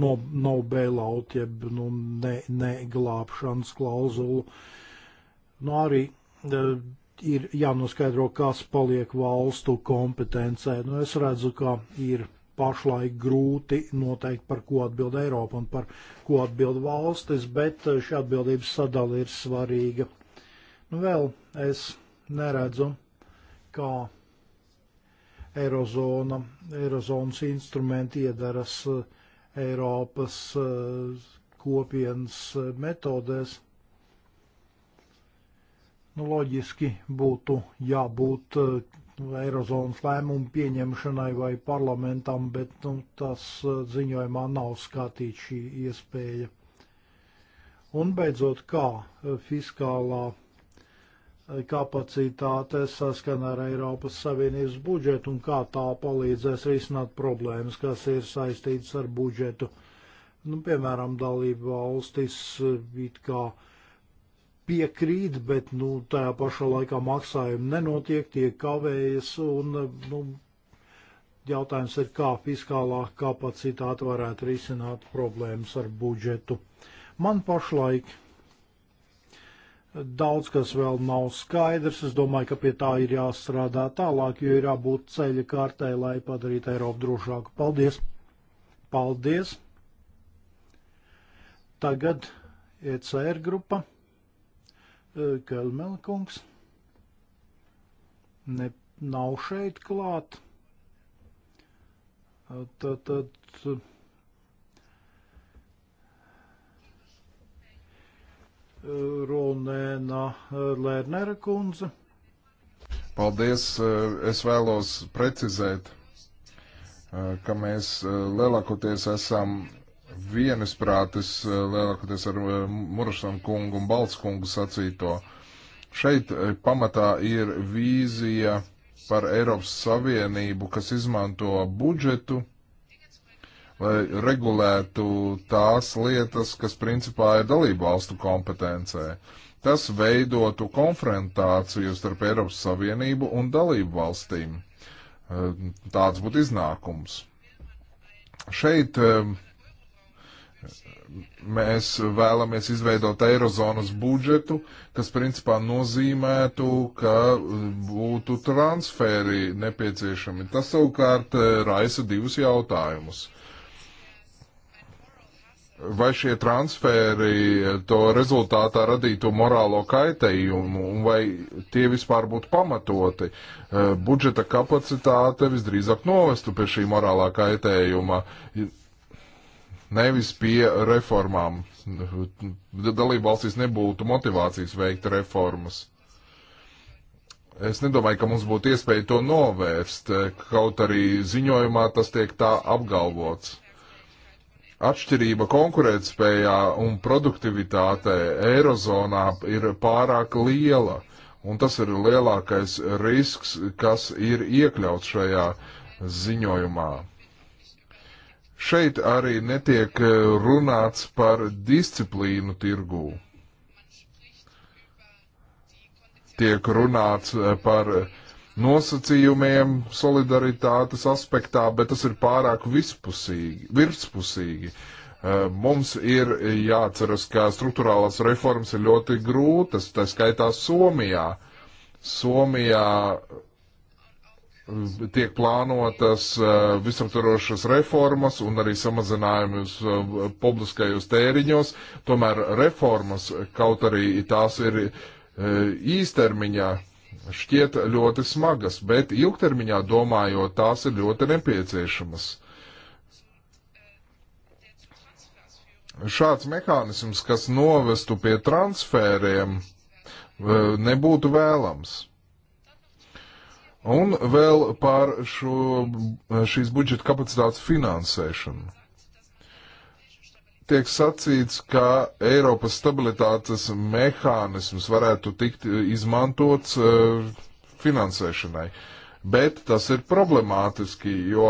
no, nav bailout, jeb nu, neglābšanas ne klauzulu. Nu, arī uh, ir jānoskaidro, kas paliek valstu kompetencē. Nu, es redzu, ka ir pašlaik grūti noteikt, par ko atbild Eiropa un par ko atbild valstis, bet e, šī atbildības sadala ir svarīga. Nu, vēl es neredzu, kā Eirozona, Eirozonas instrumenti iedaras uh, Eiropas eh, kopienas eh, metodēs. Nu, loģiski būtu jābūt eh, Eirozonas lēmumu pieņemšanai vai parlamentam, bet nu, tas ziņojumā nav skatīts šī iespēja. Un beidzot, kā fiskālā kapacitāte saskana ar Eiropas Savienības budžetu un kā tā palīdzēs risināt problēmas, kas ir saistītas ar budžetu. Nu, piemēram, dalību valstis eh, it kā piekrīt, bet nu, tajā pašā laikā maksājumi nenotiek, tiek kavējas un eh, nu, jautājums ir, kā fiskālā kapacitāte varētu risināt problēmas ar budžetu. Man pašlaik Daudz kas vēl nav skaidrs. Es domāju, ka pie tā ir jāstrādā tālāk, jo ir jābūt ceļa kārtai, lai padarītu Eiropu drošāku. Paldies! Paldies! Tagad ECR grupa. E, Kelmelkungs ne, nav šeit klāt. E, tad, tad Runēna Lērnera kundze. Paldies! Es vēlos precizēt, ka mēs eh, lielākoties esam vienisprātis, eh, lielākoties ar eh, Murašam kungu un Baltskungu sacīto. Šeit pamatā ir vīzija par Eiropas Savienību, kas izmanto budžetu lai regulētu tās lietas, kas principā ir dalību valstu kompetencē. Tas veidotu konfrontāciju starp Eiropas Savienību un dalību valstīm. Eh, tāds būtu iznākums. Šeit eh, mēs vēlamies izveidot eirozonas budžetu, kas principā nozīmētu, ka eh, būtu transferi nepieciešami. Tas savukārt raisa divus jautājumus vai šie transferi to rezultātā radītu morālo kaitējumu un vai tie vispār būtu pamatoti. E, budžeta kapacitāte visdrīzāk novestu pie šī morālā kaitējuma, nevis pie reformām. Dalība valstīs nebūtu motivācijas veikt reformas. Es nedomāju, ka mums būtu iespēja to novērst, kaut arī ziņojumā tas tiek tā apgalvots atšķirība konkurētspējā un produktivitātē Eirozonā ir pārāk liela. Un tas ir lielākais risks, kas ir iekļauts šajā ziņojumā. Šeit arī netiek runāts par disciplīnu tirgū. Tiek runāts par uh, nosacījumiem solidaritātes aspektā, bet tas ir pārāk vispusīgi, virspusīgi. Eh, mums ir jāatceras, ka struktūrālās reformas ir ļoti grūtas, tā skaitā Somijā. Somijā eh, tiek plānotas eh, visaptvarošas reformas un arī samazinājumus publiskajos tēriņos. Tomēr reformas, kaut arī tās ir īstermiņā, šķiet ļoti smagas, bet ilgtermiņā domājot, tās ir ļoti nepieciešamas. Šāds mehānisms, kas novestu pie transfēriem, nebūtu vēlams. Un vēl par šo, šīs budžeta kapacitātes finansēšanu tiek sacīts, ka Eiropas stabilitātes mehānisms varētu tikt eh, izmantots uh, finansēšanai. Bet tas ir problemātiski, jo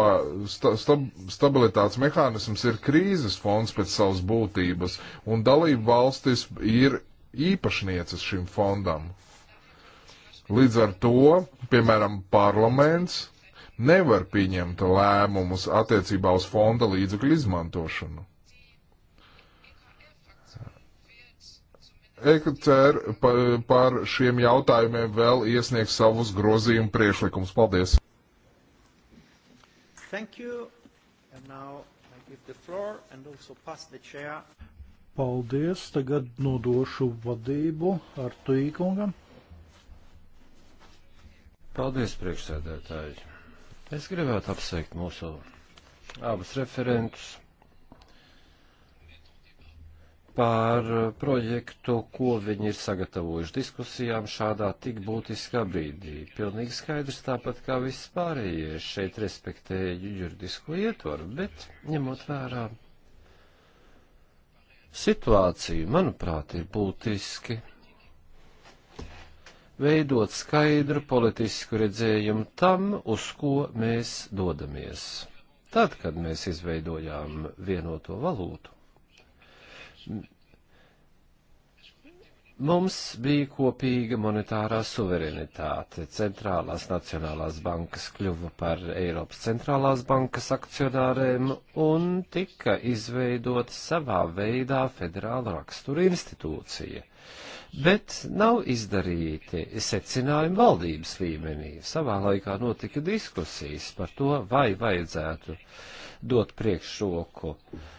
sta stab stabilitātes mehānisms ir krīzes fonds pēc savas būtības, un dalību valstis ir īpašnieces šim fondam. Līdz ar to, piemēram, parlaments nevar pieņemt lēmumus attiecībā uz fonda līdzekļu izmantošanu. ECR par, par šiem jautājumiem vēl iesniegs savus grozījumu priešlikumus. Paldies! Thank you. And now I give the floor and also pass the chair. Paldies. Tagad nodošu vadību ar Tuīkungam. Paldies, priekšsēdētāji. Es gribētu apsveikt mūsu abus referentus par eh, projektu, ko viņi ir sagatavojuši diskusijām šādā tik būtiskā brīdī. Pilnīgi skaidrs, tāpat kā vispārējie šeit respektēju juridisko ietvaru, bet ņemot vērā situāciju, manuprāt, ir būtiski veidot skaidru politisku redzējumu tam, uz ko mēs dodamies. Tad, kad mēs izveidojām vienoto valūtu, Mums bija kopīga monetārā suverenitāte. Centrālās nacionālās bankas kļuva par Eiropas centrālās bankas akcionāriem un tika izveidota savā veidā federāla rakstura institūcija. Bet nav izdarīti secinājumi valdības līmenī. Savā laikā notika diskusijas par to, vai vajadzētu dot priekšroku uh,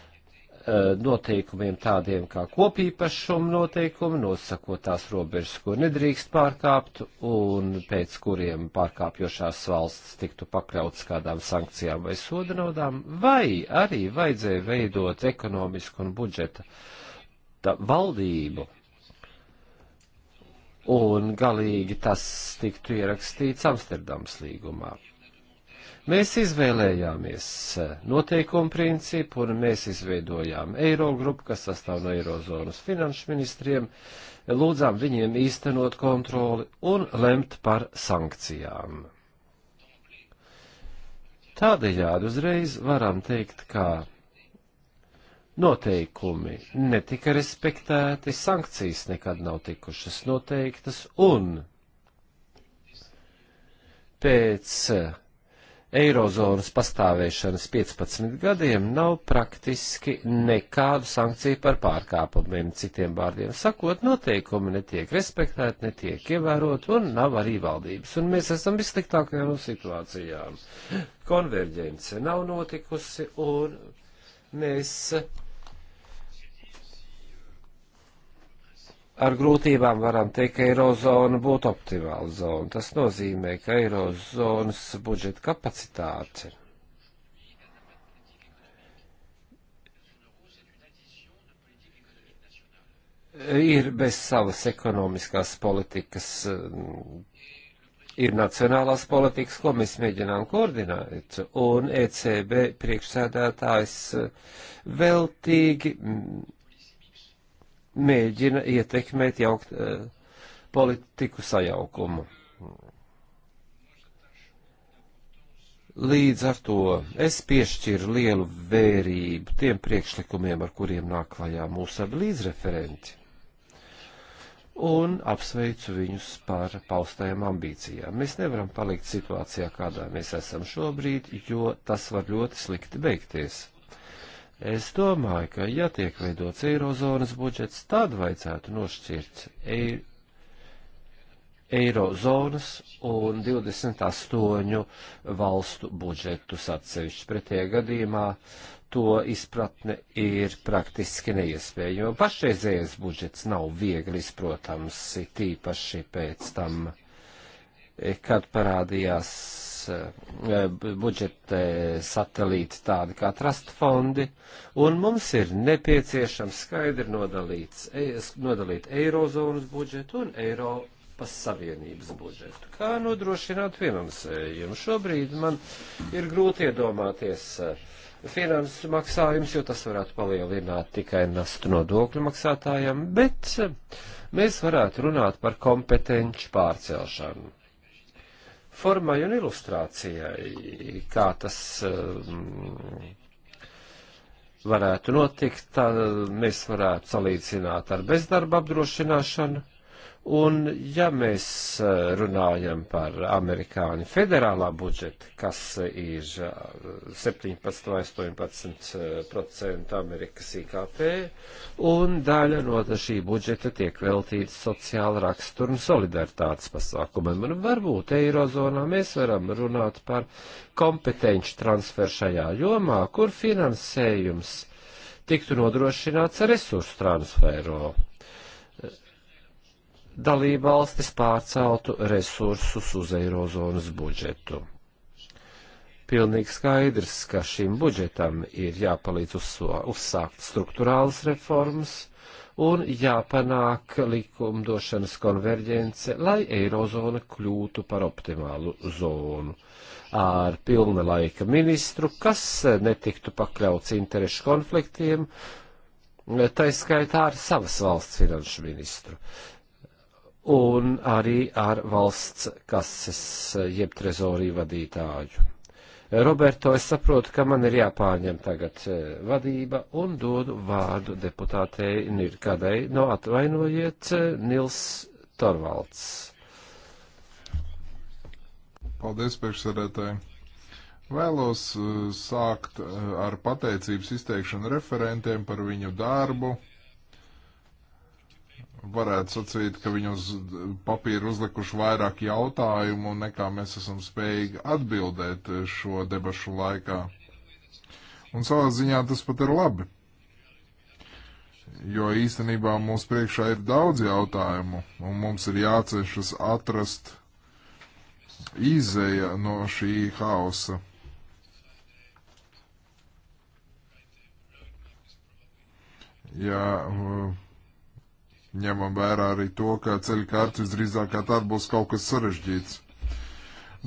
Eh, noteikumiem tādiem kā kopīpašuma noteikumi, nosakot tās robežas, kur nedrīkst pārkāpt, un pēc kuriem pārkāpjošās valsts tiktu pakļautas kādām sankcijām vai soda naudām, vai arī vajadzēja veidot ekonomisku un budžeta valdību. Un galīgi tas tiktu ierakstīts Amsterdams līgumā. Mēs izvēlējāmies eh, noteikumu principu un mēs izveidojām Eirogrupu, kas sastāv no Eirozonas finanšu ministriem, lūdzām viņiem īstenot kontroli un lemt par sankcijām. Tādējādi uzreiz varam teikt, ka noteikumi netika respektēti, sankcijas nekad nav tikušas noteiktas un pēc eirozonas pastāvēšanas 15 gadiem nav praktiski nekādu sankciju par pārkāpumiem. Citiem vārdiem sakot, noteikumi netiek respektēti, netiek ievērot un nav arī valdības. Un mēs esam vissliktākajā no situācijām. Konverģence nav notikusi un mēs ar grūtībām varam teikt, ka eirozona būtu optimāla zona. Tas nozīmē, ka eirozonas budžeta kapacitāte ir bez savas ekonomiskās politikas, ir nacionālās politikas, ko mēs mēģinām koordinēt, un ECB priekšsēdētājs veltīgi mēģina ietekmēt jaukt e, politiku sajaukumu. Līdz ar to es piešķiru lielu vērību tiem priekšlikumiem, ar kuriem nāk klajā mūsu abi līdzreferenti, un apsveicu viņus par paustajām ambīcijām. Mēs nevaram palikt situācijā, kādā mēs esam šobrīd, jo tas var ļoti slikti beigties. Es domāju, ka, ja tiek veidots eirozonas budžets, tad vajadzētu nošķirt ei, eirozonas un 28 valstu budžetus atsevišķi. Pretējā gadījumā to izpratne ir praktiski neiespējama. Pašreizējais budžets nav viegli izprotams, tīpaši pēc tam, e, kad parādījās Eh, budžetē satelīti tādi kā trust fondi, un mums ir nepieciešams skaidri nodalīts, e, nodalīt Eirozonas budžetu un Eiropas Savienības budžetu. Kā nodrošināt finansējumu? Šobrīd man ir grūti iedomāties eh, finansu maksājums, jo tas varētu palielināt tikai nastu nodokļu maksātājiem, bet eh, mēs varētu runāt par kompetenci pārcelšanu formai un ilustrācijai, kā tas um, varētu notikt, tā mēs varētu salīdzināt ar bezdarba apdrošināšanu Un ja mēs eh, runājam par amerikāņu federālā budžeta, kas ir 17 eh, vai 18% Amerikas IKP, un daļa no šī budžeta tiek veltīta sociāla rakstura un solidaritātes pasākumiem, un varbūt Eirozonā mēs varam runāt par kompetenci transferu šajā jomā, kur finansējums tiktu nodrošināts resursu transferu dalībvalstis pārceltu resursus uz eirozonas budžetu. Pilnīgi skaidrs, ka šim budžetam ir jāpalīdz uzsākt struktūrālas reformas un jāpanāk likumdošanas konverģence, lai eirozona kļūtu par optimālu zonu ar pilna laika ministru, kas netiktu pakļauts interešu konfliktiem, taiskaitā ar savas valsts finanšu ministru un arī ar valsts kases jeb trezoriju vadītāju. Roberto, es saprotu, ka man ir jāpārņem tagad e, vadība un dodu vārdu deputātei Nirkadei. No atvainojiet, e, Nils Torvalds. Paldies, priekšsēdētāji. Vēlos e, sākt ar pateicības izteikšanu referentiem par viņu darbu varētu sacīt, ka viņi uz papīra uzlikuši vairāk jautājumu nekā mēs esam spējīgi atbildēt šo debašu laikā. Un savā ziņā tas pat ir labi, jo īstenībā mums priekšā ir daudz jautājumu, un mums ir jācenšas atrast izēja no šī hausa. Ja uh, ņemam vērā arī to, ka ceļu kārtas visdrīzāk kā tāda būs kaut kas sarežģīts.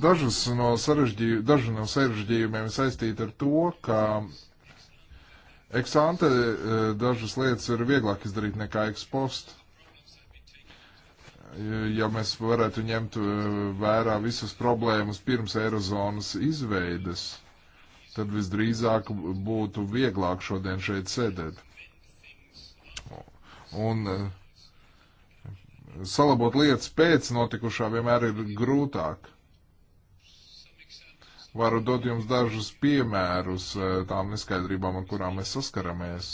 Dažas no sarežģī, daži no sarežģījumiem saistīti ar to, ka eksante e, dažas lietas ir vieglāk izdarīt nekā ekspost. E, ja mēs varētu ņemt e, vērā visas problēmas pirms Eirozonas izveides, tad visdrīzāk būtu vieglāk šodien šeit sēdēt. Un salabot lietas pēc notikušā vienmēr ir grūtāk. Varu dot jums dažus piemērus eh, tām neskaidrībām, ar kurām mēs saskaramies.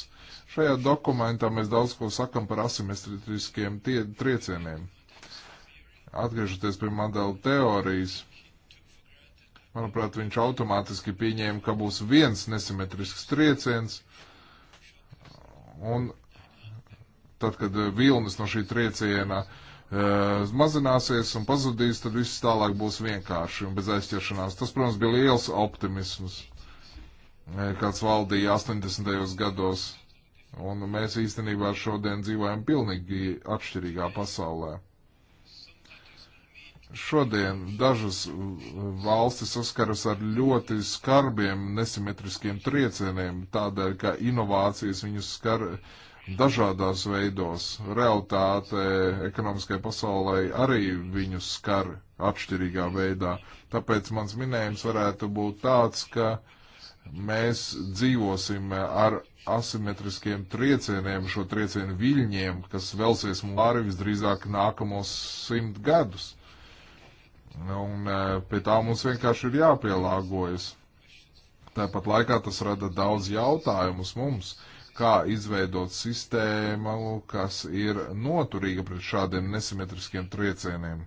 Šajā dokumentā mēs daudz ko sakam par asimetriskiem tie, triecieniem. Atgriežoties pie modela teorijas, manuprāt, viņš automātiski pieņēma, ka būs viens nesimetrisks trieciens, un tad, kad eh, vilnis no šī trieciena uh, mazināsies un pazudīs, tad viss tālāk būs vienkārši un bez aizķeršanās. Tas, protams, bija liels optimisms, eh, kāds valdīja 80. gados. Un mēs īstenībā šodien dzīvojam pilnīgi atšķirīgā pasaulē. Šodien dažas valstis saskaras ar ļoti skarbiem nesimetriskiem triecieniem, tādēļ, ka inovācijas viņus skar uh, dažādās veidos. Realtāte ekonomiskai pasaulē arī viņus skar atšķirīgā veidā. Tāpēc mans minējums varētu būt tāds, ka mēs dzīvosim ar asimetriskiem triecieniem, šo triecienu viļņiem, kas velsies mums arī visdrīzāk nākamos simt gadus. Un e, pie tā mums vienkārši ir jāpielāgojas. Tāpat laikā tas rada daudz jautājumus mums. mums kā izveidot sistēmu, kas ir noturīga pret šādiem nesimetriskiem triecieniem.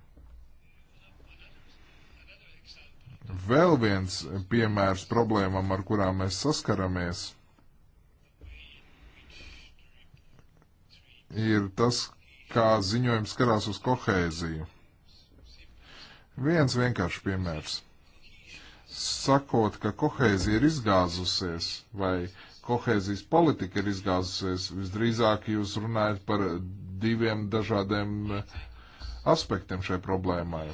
Vēl viens piemērs problēmām, ar kurām mēs saskaramies, ir tas, kā ziņojums skarās uz kohēziju. Viens vienkāršs piemērs. Sakot, ka kohēzija ir izgāzusies vai kohēzijas politika ir izgāzusies. Visdrīzāk jūs runājat par diviem dažādiem eh, aspektiem šai problēmai.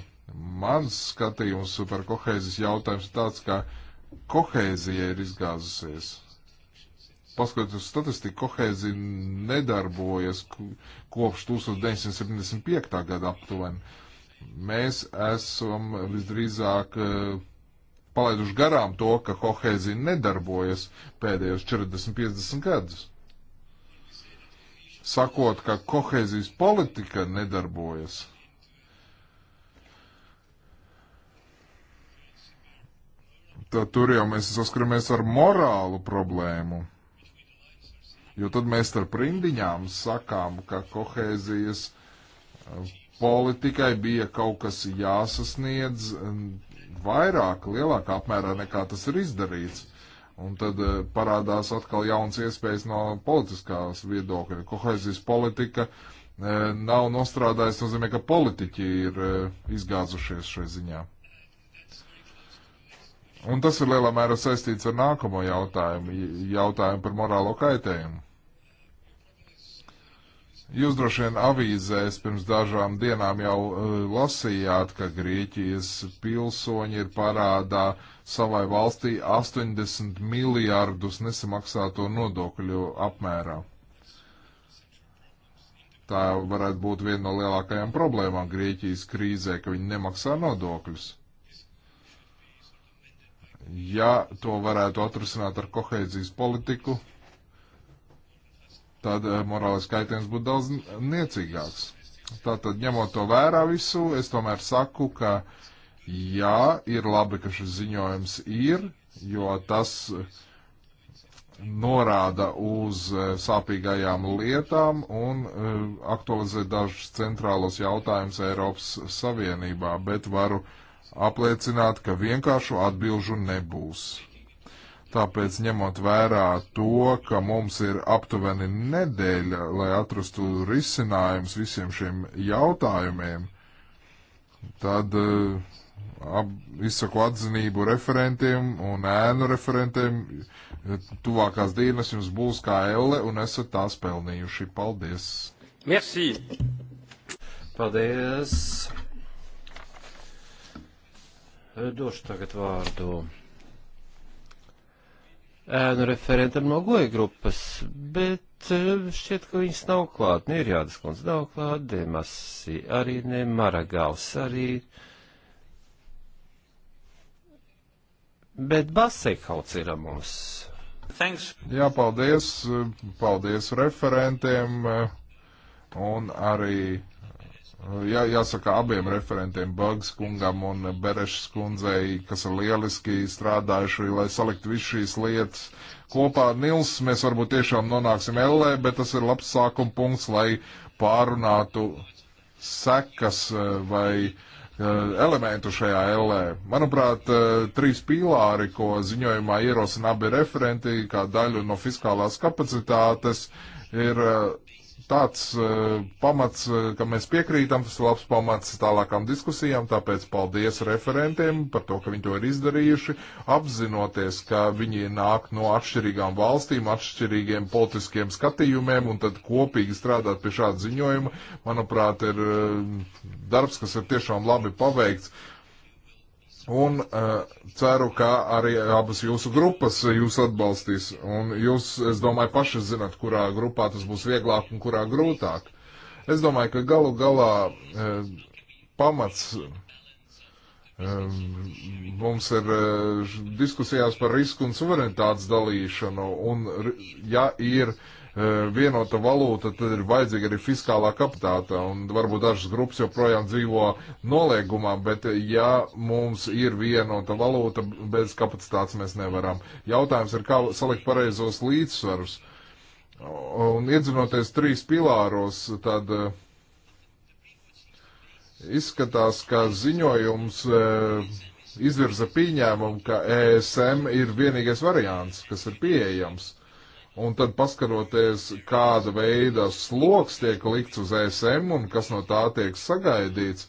Mans skatījums par kohēzijas jautājums ir tāds, ka kohēzija ir izgāzusies. Paskatoties statistiku, kohēzija nedarbojas kopš 1975. gada aptuveni. Mēs esam visdrīzāk uh, palaiduši garām to, ka kohēzija nedarbojas pēdējos 40-50 gadus. Sakot, ka kohēzijas politika nedarbojas. Tad tur jau mēs saskaramies ar morālu problēmu. Jo tad mēs ar prindiņām sakām, ka kohēzijas eh, politikai bija kaut kas jāsasniedz, vairāk, lielākā apmērā nekā tas ir izdarīts. Un tad eh, parādās atkal jauns iespējas no politiskās viedokļa. Kohēzijas politika eh, nav nostrādājis, nozīmē, ka politiķi ir eh, izgāzušies šai ziņā. Un tas ir lielā mērā saistīts ar nākamo jautājumu, jautājumu par morālo kaitējumu. Jūs droši vien avīzēs pirms dažām dienām jau uh, lasījāt, ka Grieķijas pilsoņi ir parādā savai valstī 80 miljārdus nesamaksāto nodokļu apmērā. Tā varētu būt viena no lielākajām problēmām Grieķijas krīzē, ka viņi nemaksā nodokļus ja to varētu atrisināt ar kohēzijas politiku, tad eh, morālais kaitējums būtu daudz niecīgāks. Tātad, ņemot to vērā visu, es tomēr saku, ka jā, ir labi, ka šis ziņojums ir, jo tas norāda uz eh, sāpīgajām lietām un eh, aktualizē dažus centrālos jautājumus Eiropas Savienībā, bet varu apliecināt, ka vienkāršu atbilžu nebūs. Tāpēc, ņemot vērā to, ka mums ir aptuveni nedēļa, lai atrastu risinājums visiem šiem jautājumiem, tad eh, ap, izsaku atzinību referentiem un ēnu referentiem. Tuvākās dienas jums būs kā elle un esat tās pelnījuši. Paldies! Merci! Paldies! Došu tagad vārdu ēnu referentam no goja grupas, bet e, šķiet, ka viņas nav klāt. Nirjādas kundze nav klāt, Demasi arī ne, Maragals arī. Bet Basekauts ir mums. Thanks. Jā, paldies. Paldies referentiem e, un arī Jā, jāsaka abiem referentiem, Bāgas kungam un Berešas kundzei, kas ir lieliski strādājuši, lai salikt visu šīs lietas kopā. Nils, mēs varbūt tiešām nonāksim ellē, bet tas ir labs sākuma punkts, lai pārunātu sekas eh, vai eh, elementu šajā ellē. Manuprāt, eh, trīs pīlāri, ko ziņojumā ierosina abi referenti, kā daļu no fiskālās kapacitātes, ir tāds uh, pamats, e, ka mēs piekrītam, tas ir labs pamats tālākām diskusijām, tāpēc paldies referentiem par to, ka viņi to ir izdarījuši, apzinoties, ka viņi nāk no atšķirīgām valstīm, atšķirīgiem politiskiem skatījumiem, un tad kopīgi strādāt pie šāda ziņojuma, manuprāt, ir uh, darbs, kas ir tiešām labi paveikts. Uh, Un uh, ceru, ka arī abas jūsu grupas jūs atbalstīs. Un jūs, es domāju, paši zinat, kurā grupā tas būs vieglāk un kurā grūtāk. Es domāju, ka galu galā uh, pamats eh, mums ir diskusijās par risku un suverenitātes dalīšanu, un ja ir uh, E, vienota valūta, tad ir vajadzīga arī fiskālā kapitāta. Un varbūt dažas grupas joprojām dzīvo noliegumā, bet ja mums ir vienota valūta, bez kapacitātes mēs nevaram. Jautājums ir, kā salikt pareizos līdzsvarus. Un iedzinoties trīs pilāros, tad. E, izskatās, ka ziņojums e, izvirza pieņēmumu, ka ESM ir vienīgais variants, kas ir pieejams. Un tad paskaroties, kāda veida sloks tiek likts uz ESM un kas no tā tiek sagaidīts,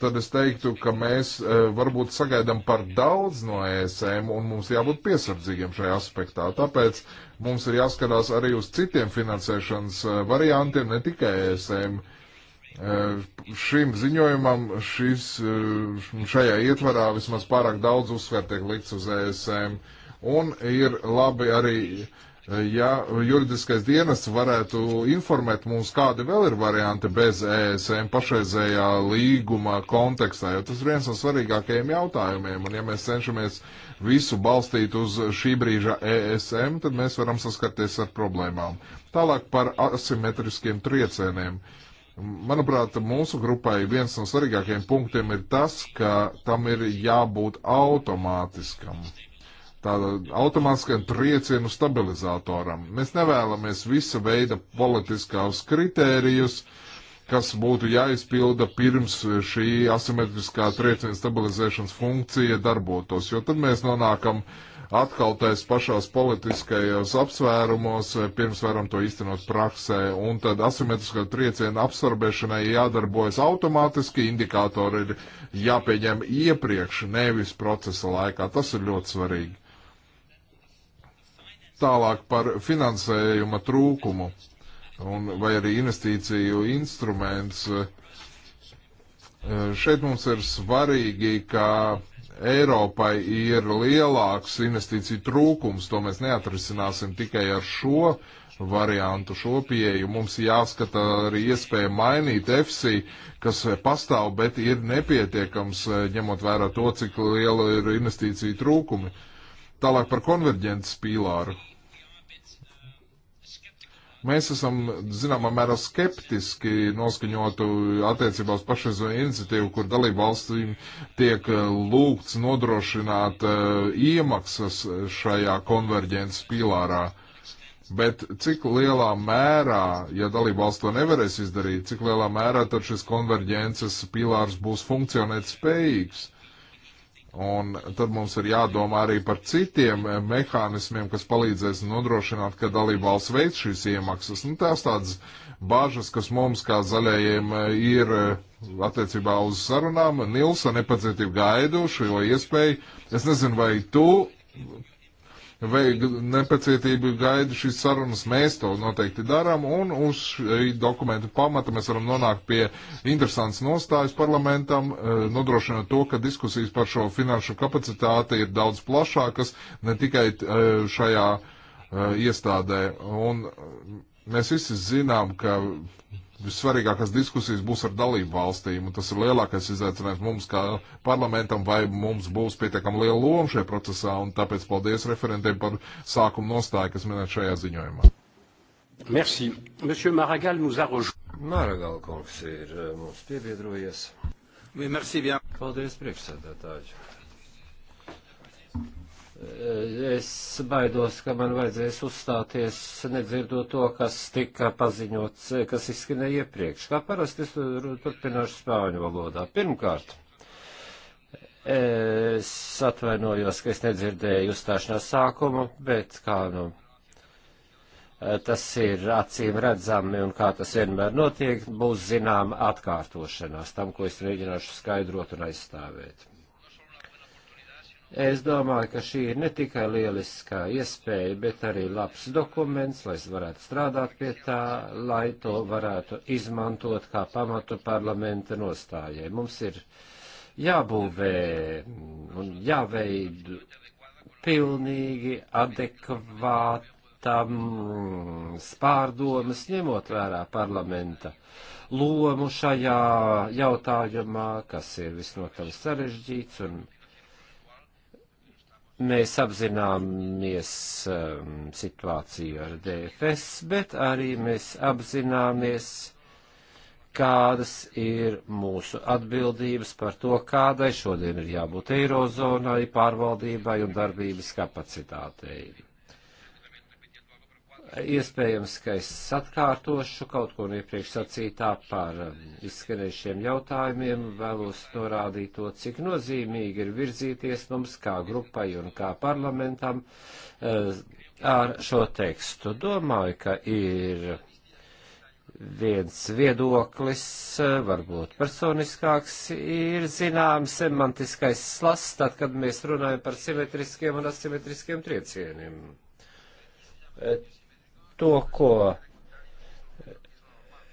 tad es teiktu, ka mēs e, varbūt sagaidām par daudz no ESM un mums jābūt piesardzīgiem šajā aspektā. Tāpēc mums ir jāskatās arī uz citiem finansēšanas e, variantiem, ne tikai ESM. E, šim ziņojumam šis, e, šajā ietvarā vismaz pārāk daudz uzsver tiek likts uz ESM. Un ir labi arī ja juridiskais dienests varētu informēt mums, kādi vēl ir varianti bez ESM pašreizējā līguma kontekstā, jo tas ir viens no svarīgākajiem jautājumiem, un ja mēs cenšamies visu balstīt uz šī brīža ESM, tad mēs varam saskarties ar problēmām. Tālāk par asimetriskiem triecieniem. Manuprāt, mūsu grupai viens no svarīgākajiem punktiem ir tas, ka tam ir jābūt automātiskam tāda automātiskam triecienu stabilizatoram. Mēs nevēlamies visa veida politiskās kritērijus, kas būtu jāizpilda pirms šī asimetriskā trieciena stabilizēšanas funkcija darbotos, jo tad mēs nonākam atkal tais pašās politiskajos apsvērumos, pirms varam to īstenot praksē, un tad asimetriskā trieciena absorbēšanai jādarbojas automātiski, indikātori ir jāpieņem iepriekš, nevis procesa laikā. Tas ir ļoti svarīgi. Tālāk par finansējuma trūkumu un, vai arī investīciju instruments. Šeit mums ir svarīgi, ka Eiropai ir lielāks investīciju trūkums, to mēs neatrisināsim tikai ar šo variantu, šo pieeju. Mums jāskata arī iespēja mainīt EFSI, kas pastāv, bet ir nepietiekams, ņemot vērā to, cik liela ir investīciju trūkumi. Uh, Tālāk par konverģences pīlāru. Mēs esam, zināmā mērā, skeptiski noskaņotu attiecībā uz pašreizo iniciatīvu, kur dalību valstīm tiek eh, lūgts nodrošināt uh, iemaksas šajā konverģences pīlārā. Bet cik lielā mērā, ja dalība valsts to nevarēs izdarīt, cik lielā mērā tad šis konverģences pīlārs būs funkcionēt spējīgs? Un tad mums ir jādomā arī par citiem eh, mehānismiem, kas palīdzēs nodrošināt, ka dalībvalsts veids šīs iemaksas. Nu, tās tādas bāžas, kas mums kā zaļajiem eh, ir eh, attiecībā uz sarunām. Nilsa nepacietību gaidu šo iespēju. Es nezinu, vai tu vai nepacietību gaida šīs sarunas. Mēs to noteikti darām, un uz šī dokumenta pamata mēs varam nonākt pie interesants nostājas parlamentam, eh, nodrošinot to, ka diskusijas par šo finanšu kapacitāti ir daudz plašākas, ne tikai eh, šajā eh, iestādē. Un mēs visi zinām, ka Vissvarīgākās diskusijas būs ar dalību valstīm, un tas ir lielākais izaicinājums mums kā parlamentam, vai mums būs pietiekami liela loma šajā procesā, un tāpēc paldies referentiem par sākumu nostāju, kas minēt šajā ziņojumā. Merci. Monsieur Maragall nous a rejoint. Maragall kungs ir eh, mums piebiedrojies. Oui, merci bien. Paldies priekšsēdētāji. Es baidos, ka man vajadzēs uzstāties, nedzirdot to, kas tika paziņots, kas izskanēja iepriekš. Kā parasti es turpināšu spāņu valodā. Pirmkārt, es atvainojos, ka es nedzirdēju uzstāšanās sākumu, bet kā nu. Tas ir acīm redzami, un kā tas vienmēr notiek, būs zināma atkārtošanās tam, ko es mēģināšu skaidrot un aizstāvēt. Es domāju, ka šī ir ne tikai lieliskā iespēja, bet arī labs dokuments, lai es varētu strādāt pie tā, lai to varētu izmantot kā pamatu parlamenta nostājai. Mums ir jābūvē un jāveidu pilnīgi adekvātam spārdomas, ņemot vērā parlamenta lomu šajā jautājumā, kas ir visnotaļ sarežģīts un Mēs apzināmies um, situāciju ar DFS, bet arī mēs apzināmies, kādas ir mūsu atbildības par to, kādai šodien ir jābūt eirozonai, pārvaldībai un darbības kapacitātei. Iespējams, ka es atkārtošu kaut ko no iepriekš sacītā par um, izskanējušiem jautājumiem, vēlos norādīt to, cik nozīmīgi ir virzīties mums kā grupai un kā parlamentam uh, ar šo tekstu. Domāju, ka ir viens viedoklis, uh, varbūt personiskāks, ir zināms semantiskais slasts, tad, kad mēs runājam par simetriskiem un asimetriskiem triecieniem uh, to, ko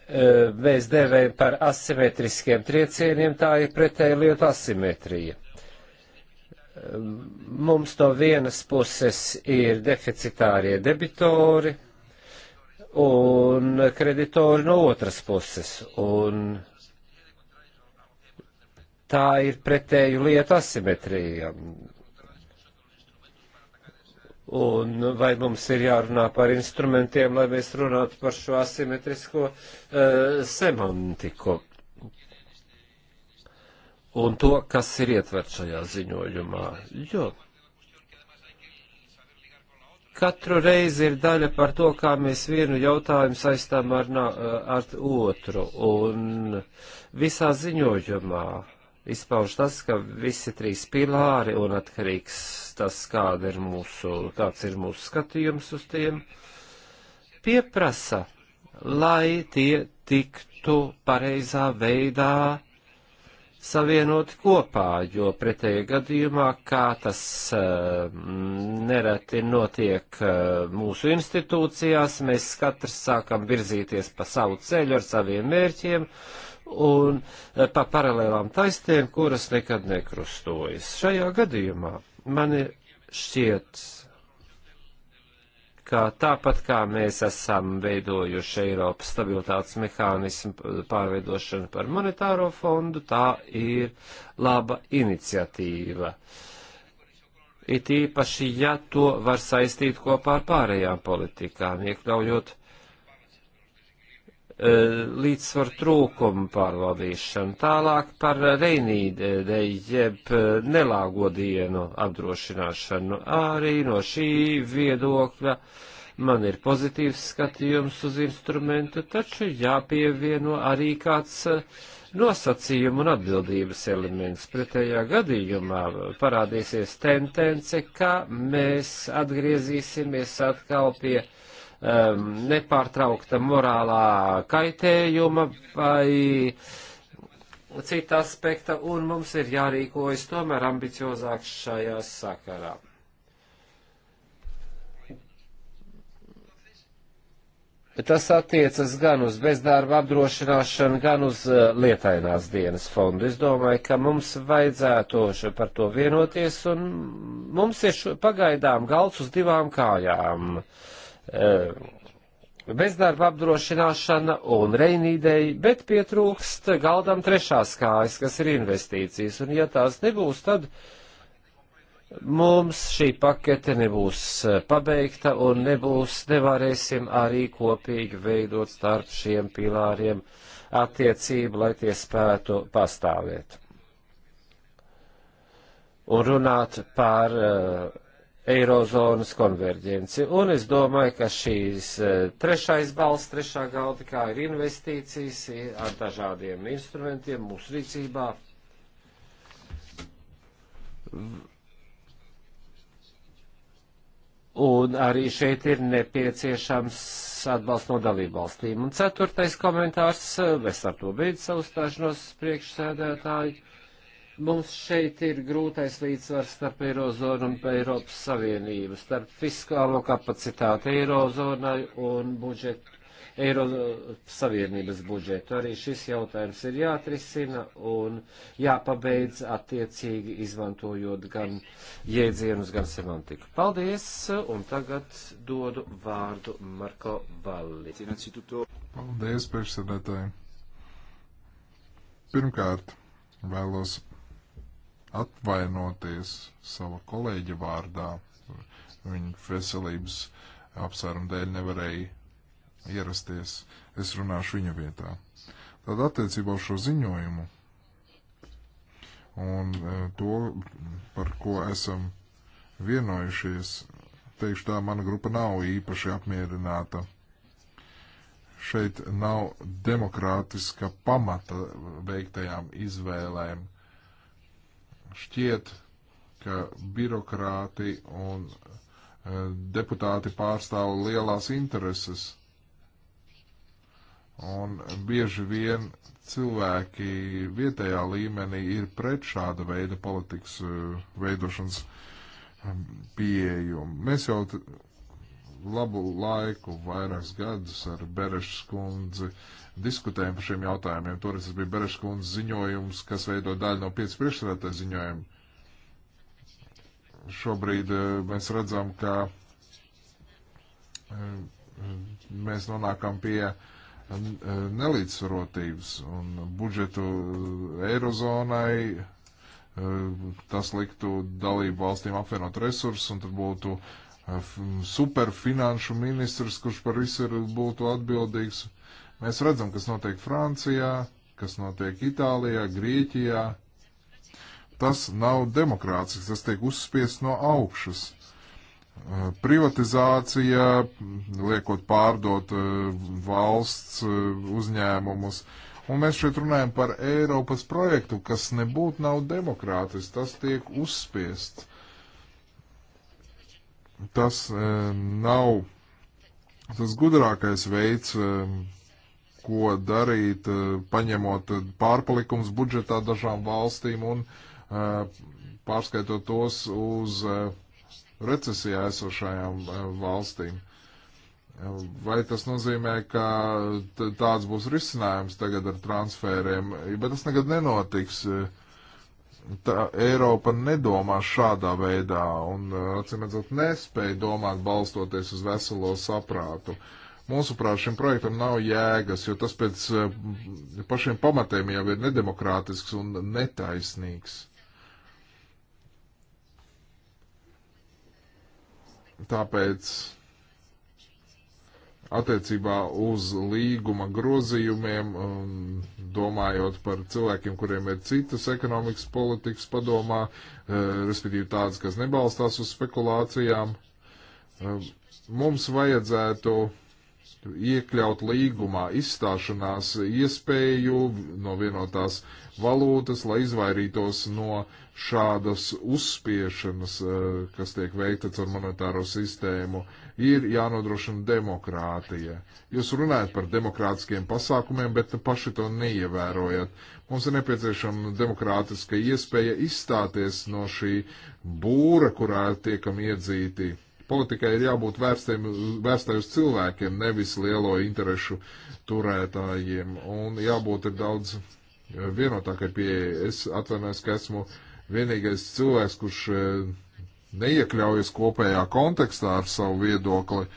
e, mēs devējam par asimetriskiem triecieniem, tā ir pretēja lieta asimetrija. Mums no vienas puses ir deficitārie debitori un kreditori no otras puses, un tā ir pretēju lietu asimetrija un vai mums ir jārunā par instrumentiem, lai mēs runātu par šo asimetrisko uh, semantiku un to, kas ir ietverts šajā ziņojumā. Jo katru reizi ir daļa par to, kā mēs vienu jautājumu saistām ar, eh, ar otru, un visā ziņojumā izpauž tas, ka visi trīs pilāri un atkarīgs tas, kāda ir mūsu, kāds ir mūsu skatījums uz tiem, pieprasa, lai tie tiktu pareizā veidā savienoti kopā, jo pretējā gadījumā, kā tas uh, nereti notiek uh, mūsu institūcijās, mēs katrs sākam virzīties pa savu ceļu ar saviem mērķiem, uh, un eh, pa paralēlām taistēm, kuras nekad nekrustojas. Šajā gadījumā man ir šķiet, ka tāpat kā mēs esam veidojuši Eiropas stabilitātes mehānismu pārveidošanu par monetāro fondu, tā ir laba iniciatīva. It īpaši, ja to var saistīt kopā ar pārējām politikām, iekļaujot uh, E, līdzsvaru trūkumu pārvaldīšanu, tālāk par reinīdei jeb e, nelāgodienu apdrošināšanu. Arī no šī viedokļa man ir pozitīvs skatījums uz instrumentu, taču jāpievieno arī kāds e, nosacījumu un atbildības elements. Pretējā gadījumā parādīsies tendence, ka mēs atgriezīsimies atkal pie uh, um, nepārtraukta morālā kaitējuma vai cita aspekta, un mums ir jārīkojas tomēr ambiciozāk šajā sakarā. Tas attiecas gan uz bezdarba apdrošināšanu, gan uz uh, lietainās dienas fondu. Es domāju, ka mums vajadzētu par to vienoties, un mums ir šo, pagaidām galds uz divām kājām. Uh, Eh, bezdarba apdrošināšana un reinīdēji, bet pietrūkst galdam trešās kājas, kas ir investīcijas, un ja tās nebūs, tad mums šī pakete nebūs eh, pabeigta un nebūs, nevarēsim arī kopīgi veidot starp šiem pilāriem attiecību, lai tie spētu pastāvēt. Un runāt par uh, eirozonas konverģenci. Un es domāju, ka šīs eh, trešais balss, trešā galda, kā ir investīcijas ar dažādiem instrumentiem mūsu rīcībā, Un arī šeit ir nepieciešams atbalsts no dalībvalstīm. Un ceturtais komentārs, eh, es ar to beidzu savu stāšanos priekšsēdētāju. Mums šeit ir grūtais līdzsvars starp Eirozonu un Eiropas Savienību, starp fiskālo kapacitāti Eirozonai un budžetu. Eiropas Savienības budžetu. Arī šis jautājums ir jāatrisina un jāpabeidz attiecīgi izmantojot gan jēdzienus, gan semantiku. Paldies, un tagad dodu vārdu Marko Valli. Paldies, priekšsēdētāji. Pirmkārt, vēlos atvainoties sava kolēģa vārdā. Viņa veselības apsvērumu dēļ nevarēja ierasties. Es runāšu viņa vietā. Tad attiecībā uz šo ziņojumu un e, to, par ko esam vienojušies, teikšu tā, mana grupa nav īpaši apmierināta. Šeit nav demokrātiska pamata veiktajām izvēlēm šķiet, ka birokrāti un e, deputāti pārstāv lielās intereses. Un bieži vien cilvēki vietējā līmenī ir pret šāda veida politikas e, veidošanas e, pieeju. Mēs jau labu laiku, vairākus gadus ar Berešu skundzi diskutējam par šiem jautājumiem. Toreiz tas bija Berešu kundzes ziņojums, kas veido daļu no pieci priekšsēdētāju ziņojumu. Šobrīd eh, mēs redzam, ka eh, mēs nonākam pie eh, nelīdzsvarotības un budžetu eirozonai tas liktu dalību valstīm apvienot resursus, un tad būtu superfinanšu ministrs, kurš par visu ir, būtu atbildīgs. Mēs redzam, kas notiek Francijā, kas notiek Itālijā, Grieķijā. Tas nav demokrātisks, tas tiek uzspiests no augšas uh, privatizācija, liekot pārdot uh, valsts uh, uzņēmumus. Un mēs šeit runājam par Eiropas projektu, kas nebūtu nav demokrātis, tas tiek uzspiest tas eh, nav tas gudrākais veids, eh, ko darīt, eh, paņemot pārpalikums budžetā dažām valstīm un pārskaitot tos uz recesijā esošajām valstīm. Vai tas nozīmē, ka tāds būs risinājums tagad ar transfēriem, bet tas nekad nenotiks. Uh, tā, Eiropa nedomā šādā veidā un, uh, acīm redzot, nespēja domāt balstoties uz veselo saprātu. Mūsuprāt, šim projektam nav jēgas, jo tas pēc uh, pašiem pamatiem jau ir nedemokrātisks un netaisnīgs. Tāpēc attiecībā uz līguma grozījumiem, um, domājot par cilvēkiem, kuriem ir citas ekonomikas politikas padomā, uh, respektīvi tādas, kas nebalstās uz spekulācijām. Um, mums vajadzētu iekļaut līgumā izstāšanās iespēju no vienotās valūtas, lai izvairītos no šādas uzspiešanas, eh, kas tiek veikta ar monetāro sistēmu, ir jānodrošina demokrātija. Jūs runājat par demokrātiskiem pasākumiem, bet paši to neievērojat. Mums ir nepieciešama demokrātiska iespēja izstāties no šī būra, kurā tiekam iedzīti. Politikai ir jābūt vērstai uz cilvēkiem, nevis lielo interešu turētājiem, un jābūt ir daudz vienotākai pieeja. Es atvainojos, ka esmu uh, Vienīgais cilvēks, kurš eh, neiekļaujas kopējā kontekstā ar savu viedokli,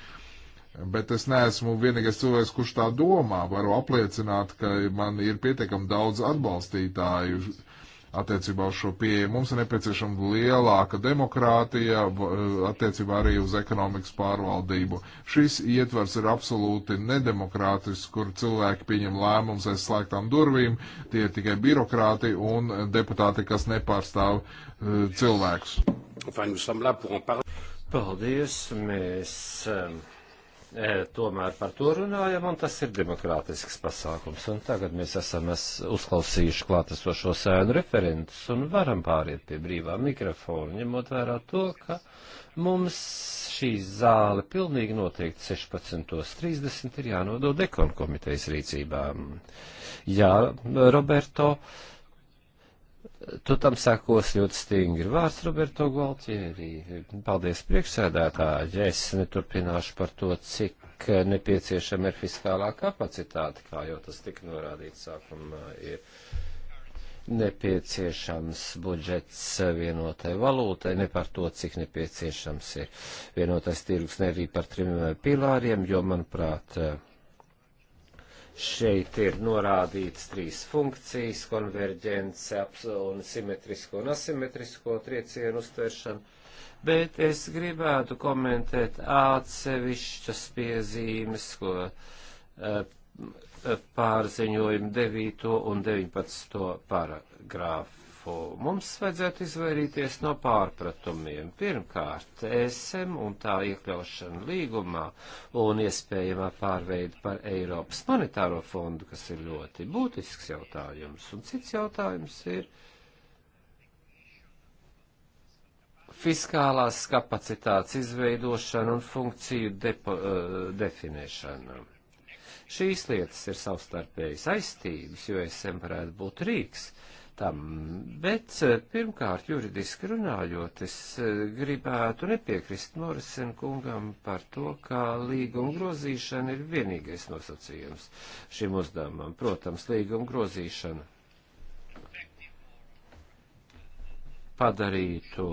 bet es neesmu vienīgais cilvēks, kurš tā domā. Varu apliecināt, ka man ir pietiekami daudz atbalstītāju attiecībā uz šo pieeju. Mums ir nepieciešama lielāka demokrātija eh, attiecībā arī uz ekonomikas pārvaldību. Šis ietvers ir absolūti nedemokrātisks, kur cilvēki pieņem lēmumus aiz slēgtām durvīm, tie ir tikai birokrāti un deputāti, kas nepārstāv eh, cilvēkus. Paldies, mēs. Um E, tomēr par to runājam, un tas ir demokrātisks pasākums. Un tagad mēs esam es uzklausījuši klātesošo sēnu referentus un varam pāriet pie brīvā mikrofona, ņemot vērā to, ka mums šī zāle pilnīgi noteikti 16.30 ir jānodod dekonkomitejas rīcībām. Jā, Roberto. Uh, Tu tam sakos ļoti stingri. Vārds Roberto Gualtieri. Paldies priekšsēdētāji. Es neturpināšu par to, cik nepieciešama ir fiskālā kapacitāte, kā jau tas tika norādīts sākumā. Ir nepieciešams budžets vienotai valūtai, ne par to, cik nepieciešams ir vienotais tirgus, ne arī par trim pilāriem, jo, manuprāt, uh, Šeit ir norādīts trīs funkcijas - konverģence un simetrisko un asimetrisko triecienu uztvēršanu, bet es gribētu komentēt atsevišķas piezīmes, ko uh, pārziņojumu 9. un 19. paragrāfu tarifu. Mums vajadzētu izvairīties no pārpratumiem. Pirmkārt, ESM un tā iekļaušana līgumā un iespējamā pārveida par Eiropas monetāro fondu, kas ir ļoti būtisks jautājums. Un cits jautājums ir fiskālās kapacitātes izveidošana un funkciju depo, uh, definēšana. Šīs lietas ir savstarpēji saistības, jo esam varētu būt rīks, uh, tam. Bet eh, pirmkārt, juridiski runājot, es eh, gribētu nepiekrist Morisen kungam par to, ka līguma grozīšana ir vienīgais nosacījums šim uzdevumam. Protams, līguma grozīšana padarītu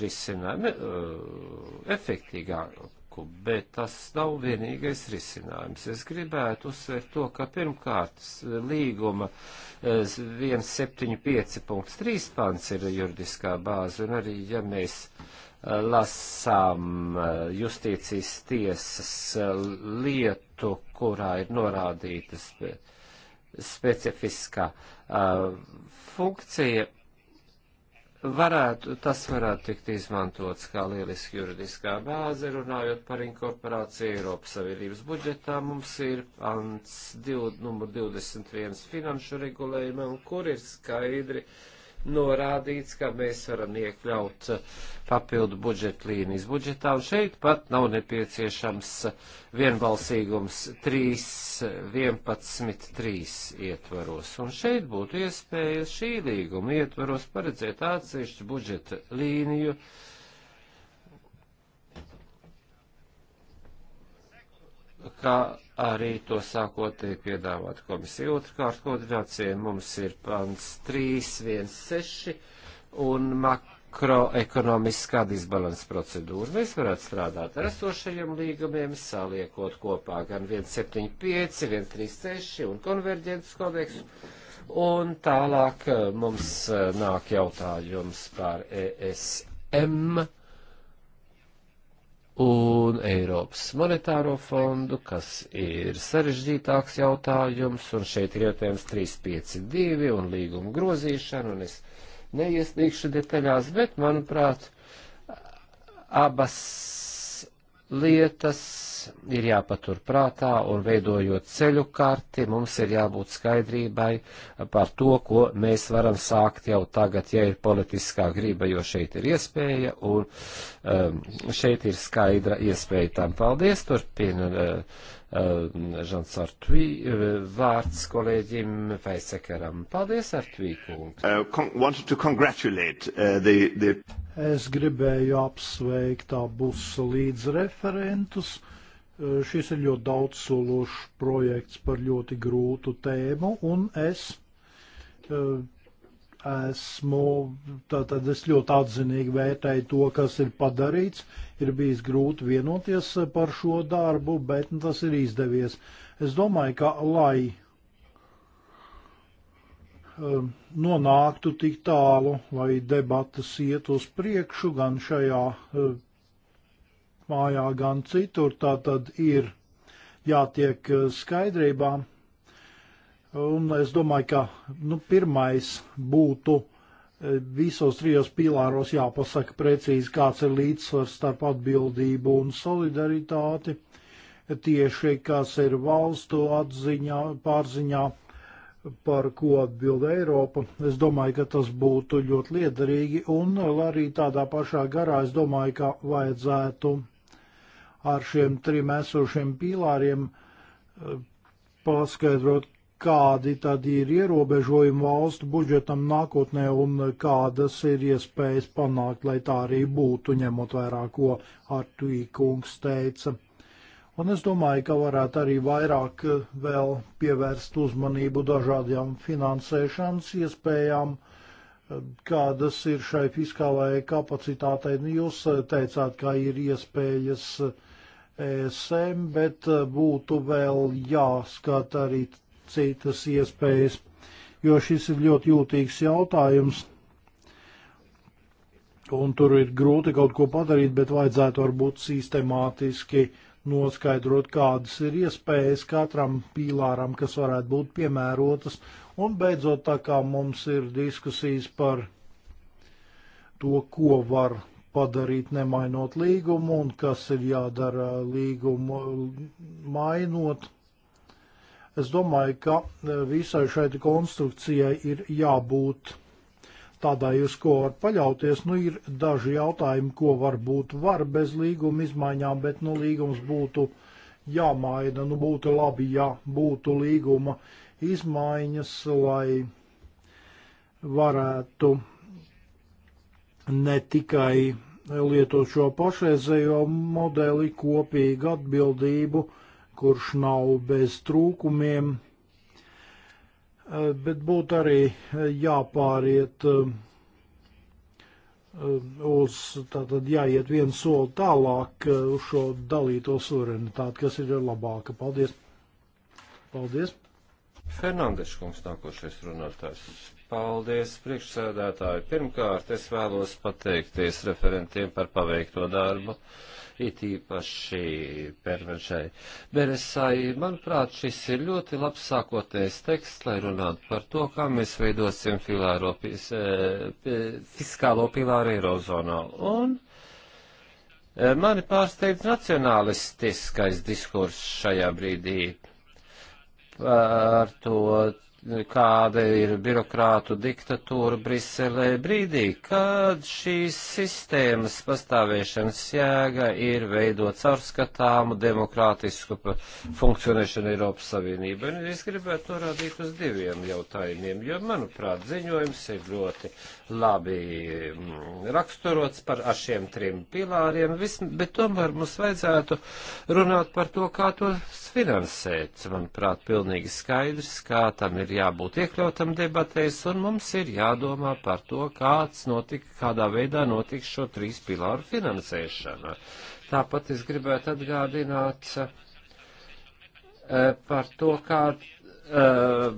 risinājumu eh, efektīgāku banku, bet tas nav vienīgais risinājums. Es gribētu uzsvērt to, ka pirmkārt līguma 175.3 eh, pants ir juridiskā bāze, un arī ja mēs eh, lasām eh, justīcijas tiesas lietu, kurā ir norādītas specifiskā funkcija, varētu, tas varētu tikt izmantots kā lieliski juridiskā bāze, runājot par inkorporāciju Eiropas Savienības budžetā. Mums ir pants div, numur 21 finanšu regulējumam, kur ir skaidri uh, norādīts, ka mēs varam iekļaut eh, papildu budžeta līnijas budžetā, un šeit pat nav nepieciešams eh, vienbalsīgums 3, 11, 3 ietvaros. Un šeit būtu iespēja šī līguma ietvaros paredzēt atsevišķu budžeta līniju, uh, kā arī to sākotnēji piedāvāt komisija. Otrkārt, koordinācija mums ir pants 316 un makroekonomiskā disbalans procedūra. Mēs varētu strādāt ar esošajiem līgumiem, saliekot kopā gan 175, 136 un konverģentus kodeksu. Un tālāk eh, mums eh, nāk jautājums par ESM un Eiropas monetāro fondu, kas ir sarežģītāks jautājums, un šeit ir jautājums 352 un līguma grozīšana, un es neiesniegšu detaļās, bet, manuprāt, abas lietas ir jāpatur prātā un veidojot ceļu karti, mums ir jābūt skaidrībai par to, ko mēs varam sākt jau tagad, ja ir politiskā grība, jo šeit ir iespēja un um, šeit ir skaidra iespēja tam. Paldies, turpina uh, uh, Žants Artvī, uh, vārds kolēģim Faisekaram. Paldies, Artvī, kungs. Uh, con uh, the, the... Es gribēju apsveikt abus līdzreferentus. referentus Šis ir ļoti daudzsološs projekts par ļoti grūtu tēmu, un es eh, esmu, tātad es ļoti atzinīgi vērtēju to, kas ir padarīts. Ir bijis grūti vienoties par šo darbu, bet tas ir izdevies. Es domāju, ka lai eh, nonāktu tik tālu, lai debatas iet uz priekšu gan šajā eh, mājā, gan citur. Tā tad ir jātiek eh, skaidrībā. Un es domāju, ka nu, pirmais būtu eh, visos trijos pīlāros jāpasaka precīzi, kāds ir līdzsvars starp atbildību un solidaritāti, tieši kas ir valstu atziņā, pārziņā, par ko atbild Eiropa. Es domāju, ka tas būtu ļoti liederīgi, un arī tādā pašā garā es domāju, ka vajadzētu ar šiem trim esošiem pīlāriem eh, paskaidrot, kādi tad ir ierobežojumi valstu budžetam nākotnē un kādas ir iespējas panākt, lai tā arī būtu, ņemot vērā, ko Artuī kungs teica. Un es domāju, ka varētu arī vairāk eh, vēl pievērst uzmanību dažādām finansēšanas iespējām, eh, kādas ir šai fiskālajai kapacitātei. Nu, jūs teicāt, ka ir iespējas uh, ESM, bet eh, būtu vēl jāskata arī citas iespējas, jo šis ir ļoti jūtīgs jautājums. Un tur ir grūti kaut ko padarīt, bet vajadzētu varbūt sistemātiski noskaidrot, kādas ir iespējas katram pīlāram, kas varētu būt piemērotas. Un beidzot, tā kā mums ir diskusijas par to, ko var padarīt nemainot līgumu un kas ir jādara līgumu mainot. Es domāju, ka e, visai šai konstrukcijai ir jābūt tādai, uz ko var paļauties. Nu, ir daži jautājumi, ko varbūt var bez līguma izmaiņām, bet nu, līgums būtu jāmaina. Nu, būtu labi, ja būtu līguma izmaiņas, lai varētu ne tikai lietot šo pašreizējo modeli, kopīgu atbildību, kurš nav bez trūkumiem, bet būtu arī jāpāriet uz, tātad jāiet viens soli tālāk uz šo dalīto suverenitāti, kas ir labāka. Paldies! Paldies! Fernandeša kungs nākošais runātājs. Paldies, priekšsēdētāji. Pirmkārt, es vēlos pateikties referentiem par paveikto darbu, it īpaši pervenšai. Beresai, manuprāt, šis ir ļoti labs sākotnējs teksts, lai runātu par to, kā mēs veidosim filāro, pis, eh, fiskālo pilāru Eirozonā. Un eh, mani pārsteidz nacionalistiskais diskurss šajā brīdī par to kāda ir birokrātu diktatūra Briselē brīdī, kad šīs sistēmas pastāvēšanas jēga ir veidot caurskatāmu demokrātisku funkcionēšanu Eiropas Savienībā. Un es gribētu norādīt uz diviem jautājumiem, jo, manuprāt, ziņojums ir ļoti labi mm, raksturots par šiem trim pilāriem, bet tomēr mums vajadzētu runāt par to, kā tos finansēt. Manuprāt, pilnīgi skaidrs, kā tam ir ir jābūt iekļautam debatēs, un mums ir jādomā par to, kāds notika, kādā veidā notiks šo trīs pilāru finansēšana. Tāpat es gribētu atgādināt eh, par to, kā eh,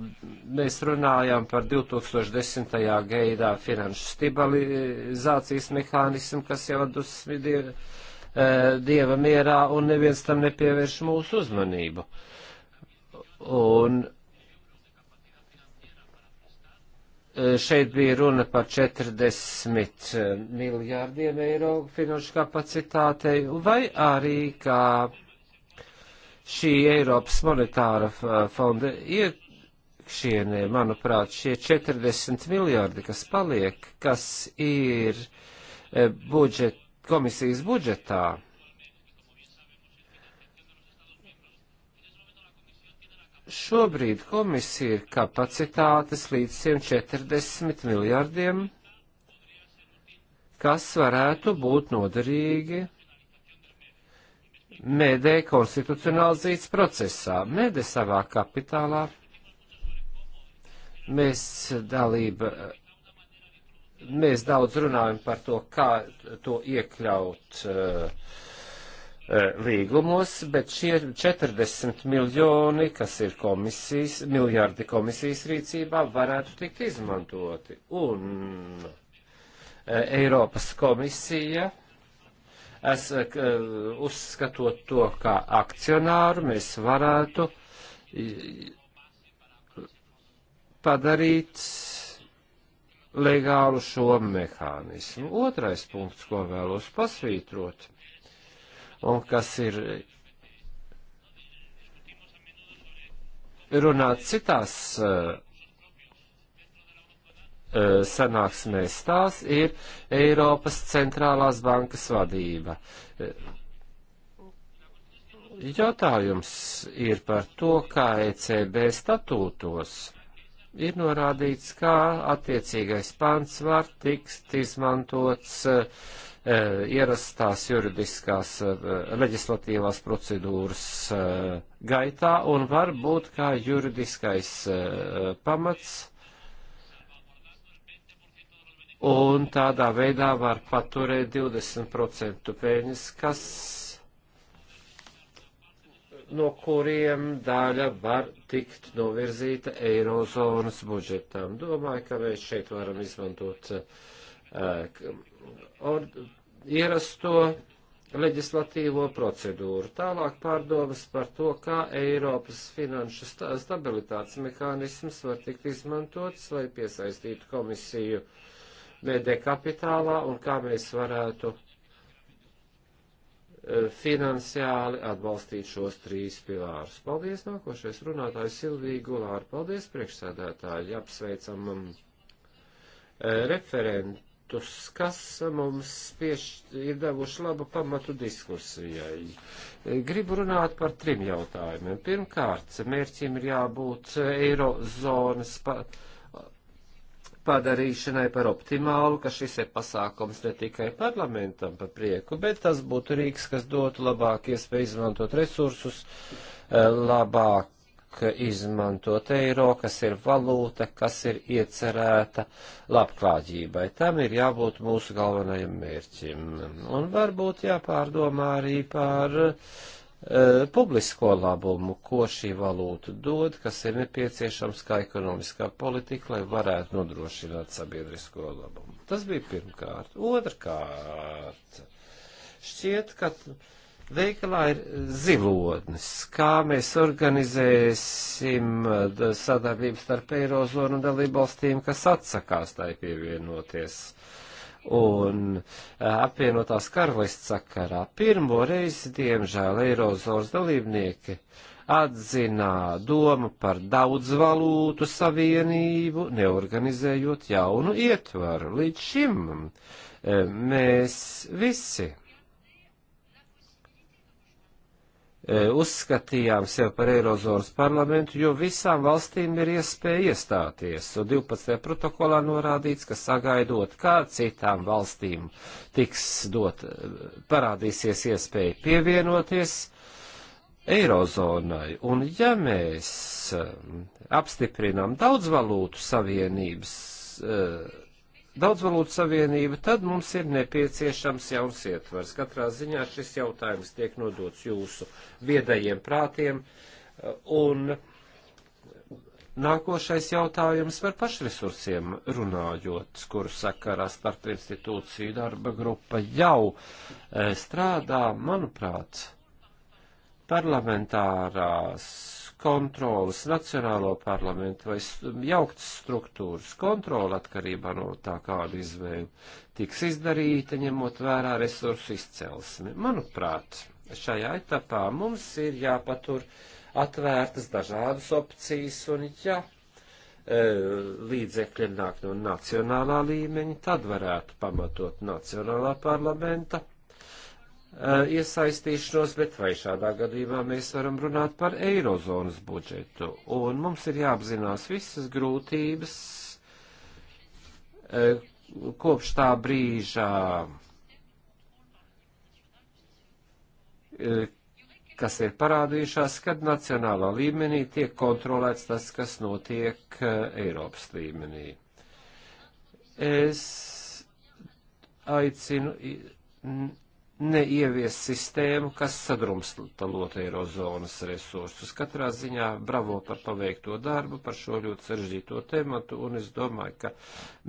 mēs runājām par 2010. gaidā finanšu stabilizācijas mehānismu, kas jau atdus eh, dieva mierā, un neviens tam nepievērš mūsu uzmanību. Un Eh, šeit bija runa par 40 eh, miljārdiem eiro finanšu kapacitātei, vai arī, kā šī Eiropas monetāra eh, fonda iekšienē, manuprāt, šie 40 miljārdi, kas paliek, kas ir budžet, komisijas budžetā, Šobrīd komisija ir kapacitātes līdz 140 miljardiem, kas varētu būt noderīgi mēdē konstitucionalizēts procesā. Mēdē savā kapitālā mēs dalība, mēs daudz runājam par to, kā to iekļaut uh, E, līgumos, bet šie 40 miljoni, kas ir komisijas, miljardi komisijas rīcībā, varētu tikt izmantoti. Un e, Eiropas komisija, es, e, uzskatot to kā akcionāru, mēs varētu padarīt legālu šo mehānismu. Otrais punkts, ko vēlos pasvītrot un kas ir runāt citās uh, sanāksmēs. Tās ir Eiropas centrālās bankas vadība. Eh, jautājums ir par to, kā ECB statūtos ir norādīts, kā attiecīgais pants var tikt izmantots uh, E, ierastās juridiskās e, leģislatīvās procedūras e, gaitā un var būt kā juridiskais pamats. Un tādā veidā var paturēt 20% peļņas, kas no kuriem daļa var tikt novirzīta Eirozonas budžetam. Domāju, ka mēs šeit varam izmantot uh, or, ierasto leģislatīvo procedūru. Tālāk pārdomas par to, kā Eiropas finanšu stabilitātes mehānisms var tikt izmantots, lai piesaistītu komisiju BD kapitālā un kā mēs varētu finansiāli atbalstīt šos trīs pilārus. Paldies, nākošais runātājs Silvija Gulāra. Paldies, priekšsēdētāji, apsveicam referentu faktus, kas mums pieš, ir devuši labu pamatu diskusijai. Gribu runāt par trim jautājumiem. Pirmkārt, mērķim ir jābūt eirozonas pa, padarīšanai par optimālu, ka šis ir pasākums ne tikai parlamentam par prieku, bet tas būtu rīks, kas dotu labāk iespēju izmantot resursus, eh, labāk izmantot eiro, kas ir valūta, kas ir iecerēta labklājībai. Tam ir jābūt mūsu galvenajam mērķim. Un varbūt jāpārdomā arī par e, publisko labumu, ko šī valūta dod, kas ir nepieciešams kā ekonomiskā politika, lai varētu nodrošināt sabiedrisko labumu. Tas bija pirmkārt. Otrkārt, šķiet, ka Veikalā ir zilotnes, kā mēs organizēsim sadarbību starp Eirozonu un dalībvalstīm, kas atsakās tai pievienoties. Un apvienotās karalists sakarā pirmo reizi, diemžēl, Eirozonas dalībnieki atzinā domu par daudzvalūtu savienību, neorganizējot jaunu ietvaru. Līdz šim e, mēs visi E, uzskatījām sevi par Eirozonas parlamentu, jo visām valstīm ir iespēja iestāties. Un 12. protokolā norādīts, ka sagaidot, kā citām valstīm tiks dot, parādīsies iespēja pievienoties Eirozonai. Un ja mēs e, apstiprinām daudzvalūtu savienības uh, Daudzvalūtu savienība, tad mums ir nepieciešams jauns ietvers. Katrā ziņā šis jautājums tiek nodots jūsu viedajiem prātiem. Un nākošais jautājums par pašresursiem runājot, kuru sakarā starp institūciju darba grupa jau eh, strādā, manuprāt, parlamentārās kontrolas, nacionālo parlamentu vai jauktas struktūras kontrola atkarībā no tā, kādu izvēlu tiks izdarīta, ņemot vērā resursu izcelsmi. Manuprāt, šajā etapā mums ir jāpatur atvērtas dažādas opcijas un ja e, līdzekļi nāk no nacionālā līmeņa, tad varētu pamatot nacionālā parlamenta Eh, iesaistīšanos, bet vai šādā gadījumā mēs varam runāt par eirozonas budžetu? Un mums ir jāapzinās visas grūtības eh, kopš tā brīžā, eh, kas ir parādījušās, kad nacionālā līmenī tiek kontrolēts tas, kas notiek Eiropas līmenī. Es aicinu neievies sistēmu, kas sadrumstalot eirozonas resursus. Katrā ziņā bravo par paveikto darbu, par šo ļoti sarežģīto tematu, un es domāju, ka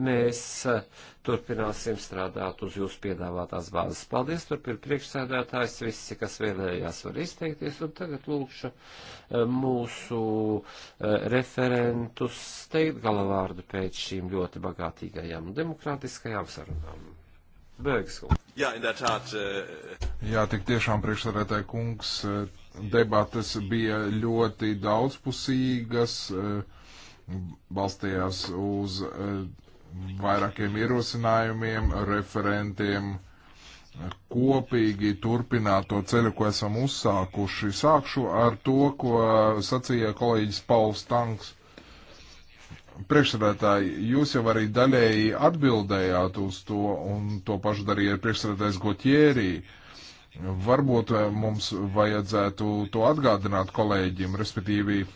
mēs eh, turpināsim strādāt uz jūsu piedāvātās bāzes. Paldies, turpina priekšsēdētājs, visi, kas vēlējās, var izteikties, un tagad lūkšu eh, mūsu eh, referentus teikt galavārdu pēc šīm ļoti bagātīgajām un demokrātiskajām sarunām. Bēgskungs. Jā, in der Tat. Uh... Jā, tik tiešām priekšsarētāji kungs, uh, debates bija ļoti daudzpusīgas, uh, balstījās uz uh, vairākiem ierosinājumiem, referentiem. Kopīgi turpināt to ceļu, ko esam uzsākuši. Sākšu ar to, ko sacīja kolēģis Pauls Tanks Priekšsēdētāji, jūs jau arī daļēji atbildējāt uz to, un to pašu darīja priekšsēdētājs Gotjērī. Varbūt eh, mums vajadzētu to atgādināt kolēģim, respektīvi eh,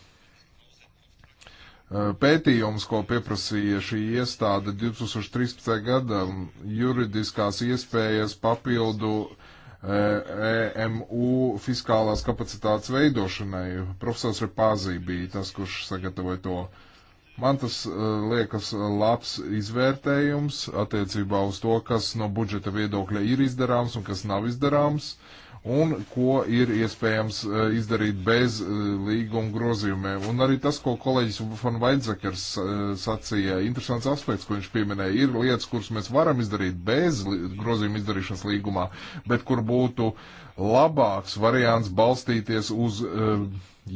pētījums, ko pieprasīja šī iestāde 2013. gada juridiskās iespējas papildu EMU eh, e fiskālās kapacitātes veidošanai. Profesors Repāzī bija tas, kurš sagatavoja to. Uh, Man tas eh, liekas eh, labs izvērtējums attiecībā uz to, kas no budžeta viedokļa ir izdarāms un kas nav izdarāms, un ko ir iespējams eh, izdarīt bez līguma grozījumiem. Un arī tas, ko kolēģis Van Vaidzekers sacīja, interesants aspekts, ko viņš pieminēja, ir lietas, kuras mēs varam izdarīt bez grozījuma izdarīšanas līgumā, bet kur būtu labāks variants balstīties uz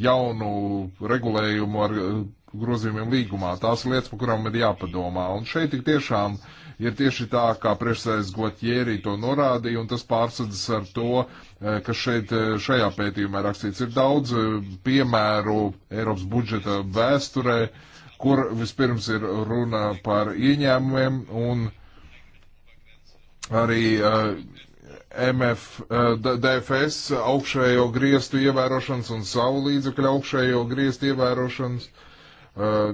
jaunu regulējumu ar grozījumiem līgumā. Tās ir lietas, par kurām ir jāpadomā. Un šeit tik tiešām ir tieši tā, kā priekšsēdētājs Gotjērī to norādīja, un tas pārsadzas ar to, eh, kas šeit eh, šajā pētījumā rakstīts. Ir daudz eh, piemēru Eiropas budžeta vēsturē, kur vispirms ir runa par ieņēmumiem un arī uh, MF, DFS augšējo griestu ievērošanas un savu līdzekļu augšējo griestu ievērošanas. Uh, Eh,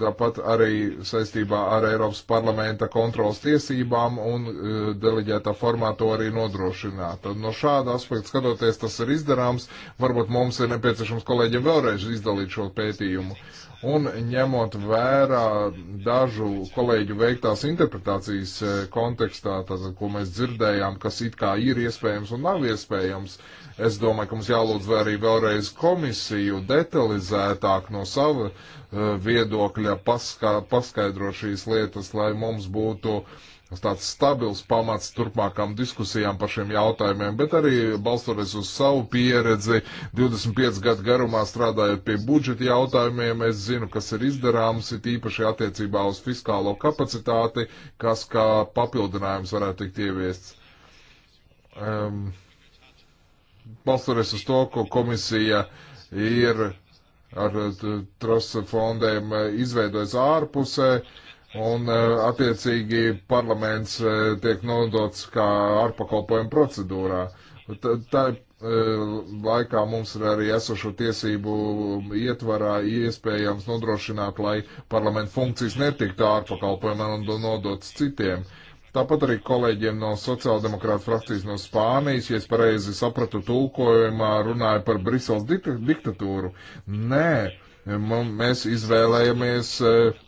tāpat arī saistībā ar Eiropas parlamenta kontrolas tiesībām un eh, deleģētā formā to arī nodrošināt. Tad no šāda aspekta skatoties, tas ir izdarāms. Varbūt mums ir nepieciešams kolēģiem vēlreiz izdalīt šo pētījumu. Un ņemot vērā dažu kolēģu veiktās interpretācijas eh, kontekstā, tātad, ko mēs dzirdējām, kas it kā ir iespējams un nav iespējams, es domāju, ka mums jālūdz arī vēlreiz komisiju detalizētāk no sava uh, viedokļa paska, paskaidro šīs lietas, lai mums būtu uh, tāds stabils pamats turpmākām diskusijām par šiem jautājumiem, bet arī balstoties uz savu pieredzi, 25 gadu garumā strādājot pie budžeta jautājumiem, es zinu, kas ir izdarāms, ir īpaši attiecībā uz fiskālo kapacitāti, kas kā papildinājums varētu tikt ieviests. Um, balstoties uz to, ko komisija ir ar trust fondiem eh, izveidojusi ārpusē, uh, un eh, attiecīgi parlaments eh, tiek nodots kā ārpakalpojuma procedūrā. Tā eh, laikā mums ir arī esošo tiesību ietvarā iespējams nodrošināt, lai parlamenta funkcijas netiktu ārpakalpojumam un nodots citiem. Tāpat arī kolēģiem no sociāldemokrāta frakcijas no Spānijas, ja es pareizi sapratu tulkojumā, runāja par Briseles diktatūru. Nē, mēs izvēlējamies uh,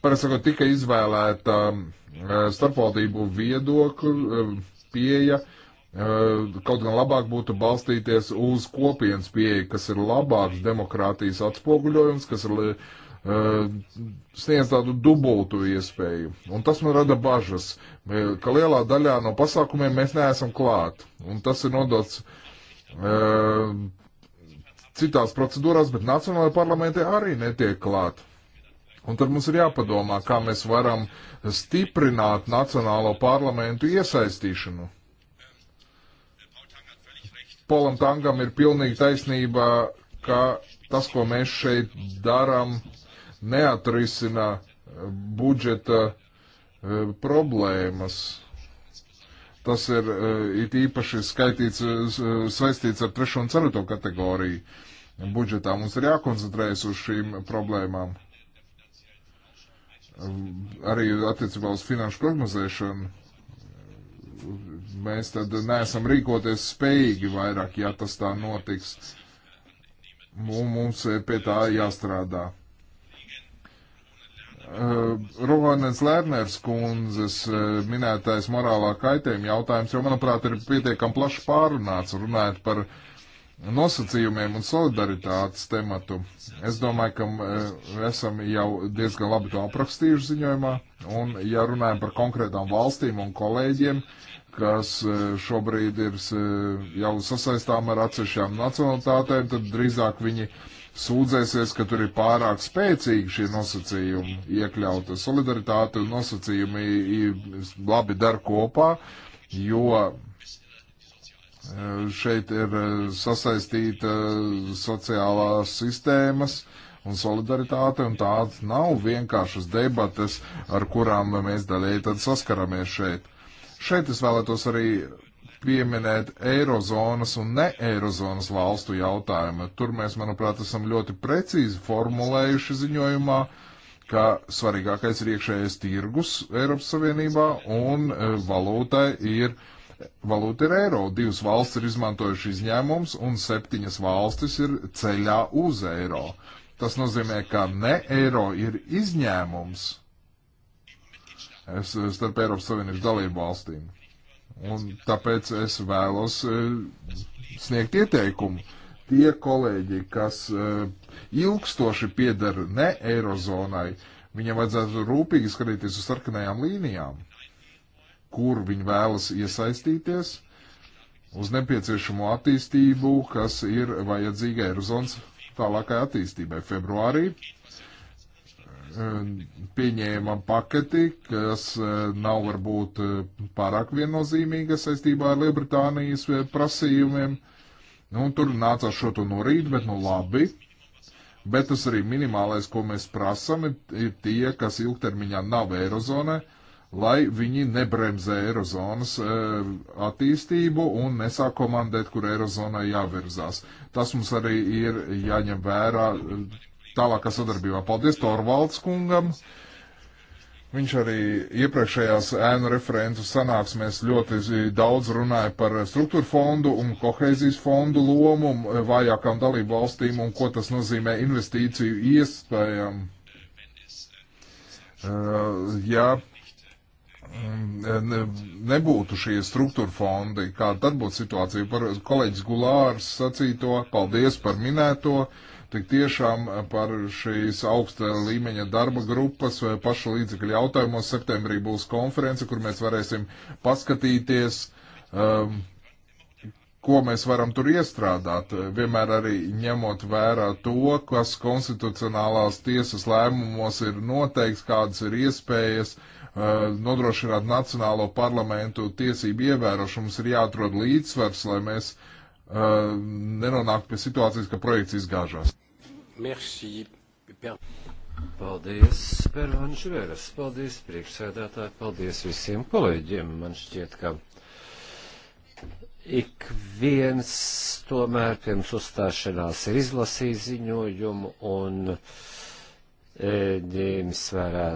parasakot, tika izvēlēta eh, starpvaldību viedokļu eh, pieeja. Eh, kaut gan labāk būtu balstīties uz kopienas pieeja, kas ir labāks demokrātijas atspoguļojums, kas ir sniedz tādu dubultu iespēju. Un tas man rada bažas, ka lielā daļā no pasākumiem mēs neesam klāt. Un tas ir nodots uh, citās procedūrās, bet Nacionālajā parlamentē arī netiek klāt. Un tad mums ir jāpadomā, kā mēs varam stiprināt nacionālo parlamentu iesaistīšanu. Polam Tangam ir pilnīgi taisnība, ka tas, ko mēs šeit darām, neatrisina eh, budžeta eh, problēmas. Tas ir eh, it īpaši skaitīts, saistīts ar trešo un ceturto kategoriju budžetā. Mums ir jākoncentrējas uz šīm problēmām. Arī attiecībā uz finanšu prognozēšanu mēs tad neesam rīkoties spējīgi vairāk, ja tas tā notiks. Mums ir pie tā jāstrādā. Uh, Rovanens Lērners kundzes uh, minētais morālā kaitējuma jautājums, jo, manuprāt, ir pietiekam plaši pārunāts, runājot par uh, nosacījumiem un solidaritātes tematu. Es domāju, ka e, esam jau diezgan labi to aprakstījuši ziņojumā, un ja runājam par konkrētām valstīm un kolēģiem, kas e, šobrīd ir e, jau sasaistām ar atsevišķām nacionalitātēm, tad drīzāk viņi sūdzēsies, ka tur ir pārāk spēcīgi šie nosacījumi iekļauta. Solidaritāte un nosacījumi labi dar kopā, jo Eh, šeit ir eh, sasaistīta sociālās sistēmas un solidaritāte, un tāds nav vienkāršas debates, ar kurām mēs daļēji tad saskaramies šeit. Šeit es vēlētos arī pieminēt eirozonas un ne eirozonas valstu jautājumu. Tur mēs, manuprāt, esam ļoti precīzi formulējuši ziņojumā, ka svarīgākais ir iekšējais tirgus Eiropas Savienībā un eh, valūtai ir uh, valūta ir eiro. Divas valstis ir izmantojuši izņēmums, un septiņas valstis ir ceļā uz eiro. Tas nozīmē, ka ne eiro ir izņēmums es, starp Eiropas Savienības dalību valstīm. Un tāpēc es vēlos e, sniegt ieteikumu. Tie kolēģi, kas e, ilgstoši piedara ne eirozonai, viņiem vajadzētu rūpīgi skatīties uz sarkanajām līnijām kur viņi vēlas iesaistīties uz nepieciešamo attīstību, kas ir vajadzīga Eirozonas tālākai attīstībai. Februārī eh, pieņēma paketi, kas eh, nav varbūt eh, pārāk viennozīmīga saistībā ar Lielbritānijas prasījumiem. Nu, tur nācās šo to no rīta, bet nu labi. Bet tas arī minimālais, ko mēs prasam, ir tie, kas ilgtermiņā nav Eirozonai lai viņi nebremzē Eirozonas e, attīstību un nesāk komandēt, kur Eirozonai jāvirzās. Tas mums arī ir jāņem vērā e, tālākā sadarbībā. Paldies Torvalds kungam! Viņš arī iepriekšējās ēnu referentu sanāksmēs ļoti daudz runāja par struktūra fondu un kohēzijas fondu lomu e, vājākām dalību valstīm un ko tas nozīmē investīciju iespējām. Uh, e, jā, Mm, ne, nebūtu šie struktūra fondi, kāda tad būtu situācija par kolēģis Gulārs sacīto, paldies par minēto, tik tiešām par šīs augsta līmeņa darba grupas vai eh, paša līdzekļa jautājumos septembrī būs konference, kur mēs varēsim paskatīties, um, ko mēs varam tur iestrādāt, vienmēr arī ņemot vērā to, kas konstitucionālās tiesas lēmumos ir noteikts, kādas ir iespējas, uh, Eh, nodrošināt nacionālo parlamentu tiesību ievērošanu. Mums ir jāatrod līdzsvars, lai mēs eh, nenonāktu pie situācijas, ka projekts izgāžās. Merci. Paldies, Pērvanš Vēras, paldies priekšsēdētāji, paldies visiem kolēģiem. Man šķiet, ka ik viens tomēr pirms uzstāšanās ir izlasījis ziņojumu un eh, ņēmis vērā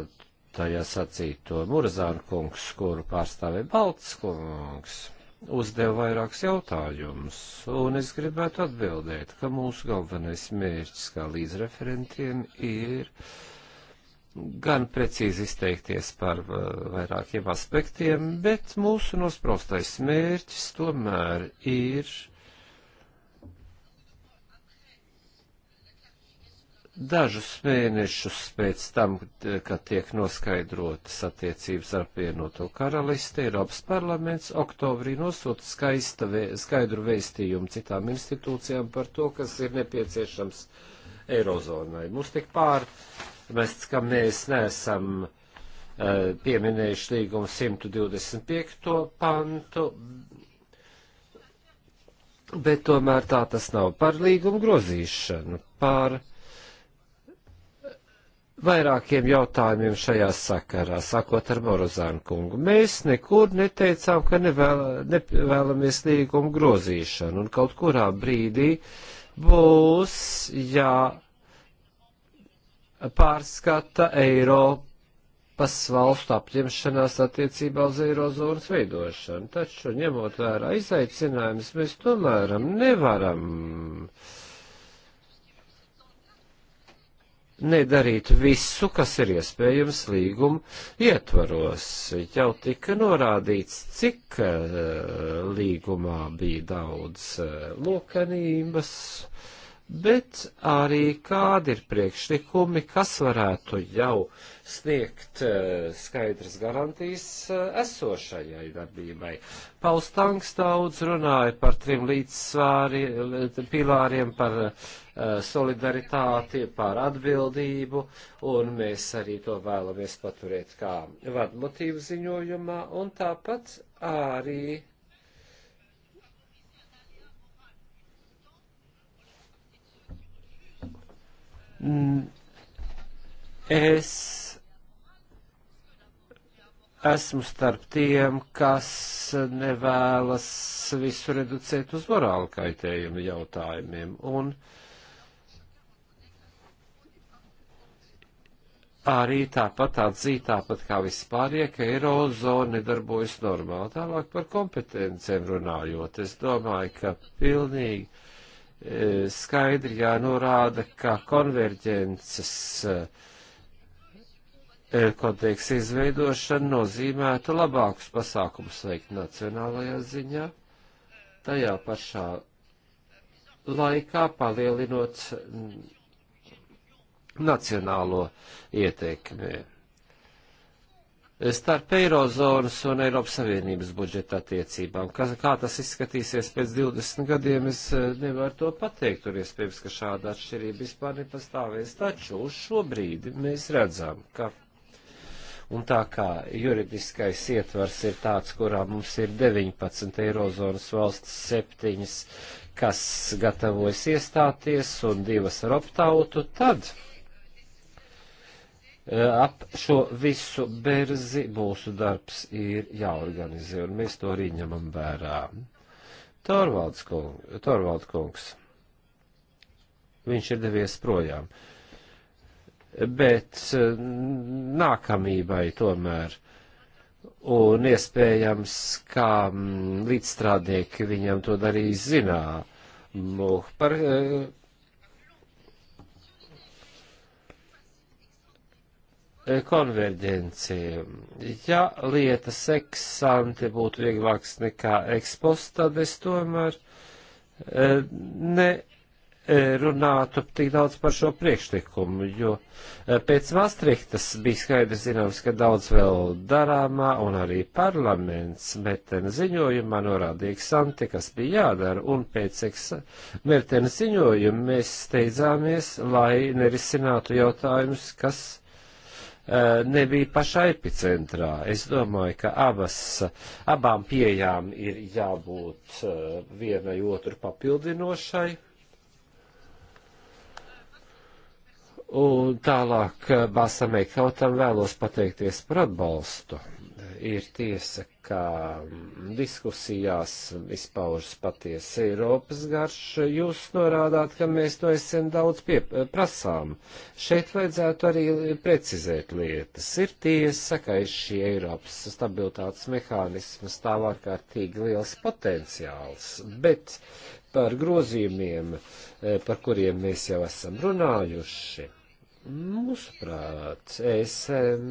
tajā sacīto Murazānu kungs, kuru pārstāvē Balts kungs, uzdeva vairākus jautājumus, un es gribētu atbildēt, ka mūsu galvenais mērķis kā līdzreferentiem ir gan precīzi izteikties par uh, vairākiem aspektiem, bet mūsu nospraustais mērķis tomēr ir Dažus mēnešus pēc tam, eh, kad tiek noskaidrotas attiecības ar pienoto karalisti, Eiropas parlaments oktobrī nosūta skaista, vē, skaidru vēstījumu citām institūcijām par to, kas ir nepieciešams Eirozonai. Mums tik pārmests, ka mēs neesam uh, pieminējuši līgumu 125. pantu, bet tomēr tā tas nav par līgumu grozīšanu, par vairākiem jautājumiem šajā sakarā, sakot ar Morozānu kungu. Mēs nekur neteicām, ka nevēla, nevēlamies līgumu grozīšanu, un kaut kurā brīdī būs jāpārskata Eiropas valstu apņemšanās attiecībā uz eirozonas veidošanu. Taču, ņemot vērā izaicinājumus, mēs tomēr nevaram uh, nedarīt visu, kas ir iespējams līguma ietvaros. Jau tika norādīts, cik eh, līgumā bija daudz eh, lokanības. Uh, bet arī kādi ir priekšlikumi, kas varētu jau sniegt eh, skaidras garantijas eh, esošajai darbībai. Paustangs daudz runāja par trim līdzsvāriem, eh, pilāriem, par solidaritāti, par atbildību, un mēs arī to vēlamies paturēt kā vadmotīvu ziņojumā, un tāpat arī Mm. Es esmu starp tiem, kas nevēlas visu reducēt uz morāla kaitējumu jautājumiem. Un arī tāpat atzīt, tāpat kā vispārie, ka eirozona nedarbojas normāli. Tālāk par kompetencēm runājot, es domāju, ka pilnīgi E, skaidri jānorāda, ka konverģences e, kodeksa izveidošana nozīmētu labākus pasākumus veikt nacionālajā ziņā, tajā pašā laikā palielinot nacionālo ietekmi starp Eirozonas un Eiropas Savienības budžeta attiecībām. Kā, kā tas izskatīsies pēc 20 gadiem, es eh, nevaru to pateikt, un iespējams, ka šāda atšķirība vispār nepastāvēs. Taču uz šo brīdi mēs redzam, ka. Un tā kā juridiskais ietvars ir tāds, kurā mums ir 19 Eirozonas valsts, 7, kas gatavojas iestāties un 2 ar optautu, tad Eh, ap šo visu berzi mūsu darbs ir jāorganizē, un mēs to arī ņemam vērā. Torvalds kungs, Torvald kungs, viņš ir devies projām, bet eh, nākamībai tomēr, un iespējams, kā mm, līdzstrādnieki viņam to darīs zinā, par eh, konverģencija. Ja lieta seksanti būtu vieglāks nekā ekspos, tad es tomēr e, ne e, runātu tik daudz par šo priekšlikumu, jo e, pēc Maastrichtas bija skaidrs zināms, ka daudz vēl darāmā un arī parlaments Mertena ziņojumā norādīja Santi, kas bija jādara, un pēc Mertena ziņojuma mēs steidzāmies, lai nerisinātu jautājumus, kas Eh, nebija pašā epicentrā. Es domāju, ka abas, abām pieejām ir jābūt eh, vienai otru papildinošai. Un tālāk eh, Basam Eikautam vēlos pateikties par atbalstu ir tiesa, ka diskusijās izpaužas patiesa Eiropas garš. Jūs norādāt, ka mēs no esam daudz pieprasām. Šeit vajadzētu arī precizēt lietas. Ir tiesa, ka ir šī Eiropas stabilitātes mehānismas tā ārkārtīgi liels potenciāls, bet par grozījumiem, eh, par kuriem mēs jau esam runājuši Mūsuprāt, ESM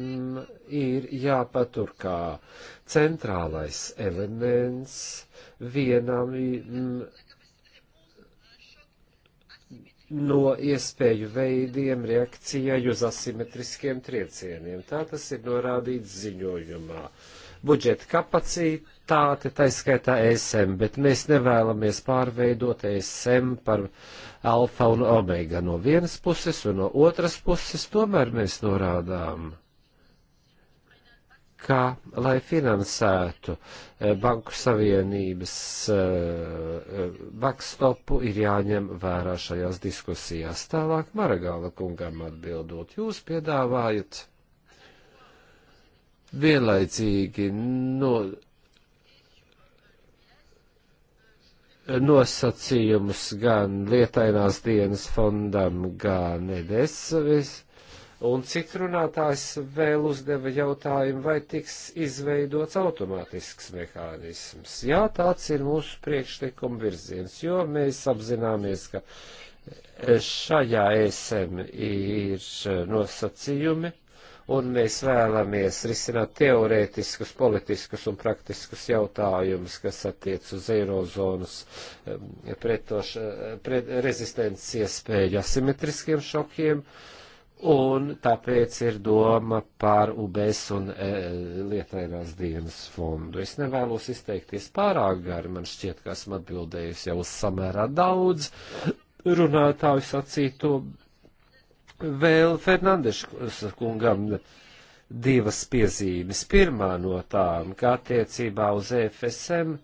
ir jāpatur kā centrālais elements vienam mm, no iespēju veidiem reakcijai uz asimetriskiem triecieniem. Tā tas ir norādīts ziņojumā. Budžeta kapacitāte kapacitāti, taiskaitā ESM, bet mēs nevēlamies pārveidot ESM par alfa un omega no vienas puses un no otras puses, tomēr mēs norādām, ka, lai finansētu eh, Banku Savienības eh, eh, backstopu, ir jāņem vērā šajās diskusijās. Tālāk Maragāla kungam atbildot, jūs piedāvājat vienlaicīgi no nosacījumus gan lietainās dienas fondam, gan EDS. Un citrunātājs vēl uzdeva jautājumu, vai tiks izveidots automātisks mehānisms. Jā, tāds ir mūsu priekšlikuma virziens, jo mēs apzināmies, ka šajā ESM ir nosacījumi, un mēs vēlamies risināt teorētiskus, politiskus un praktiskus jautājumus, kas attiec uz eirozonas pretoš, eh, pret, rezistences iespēju asimetriskiem šokiem, un tāpēc ir doma par UBS un e, lietainās dienas fondu. Es nevēlos izteikties pārāk gari, man šķiet, ka esmu atbildējusi jau uz samērā daudz runātāju sacīto, vēl Fernandeša kungam divas piezīmes. Pirmā no tām, kā attiecībā uz EFSM,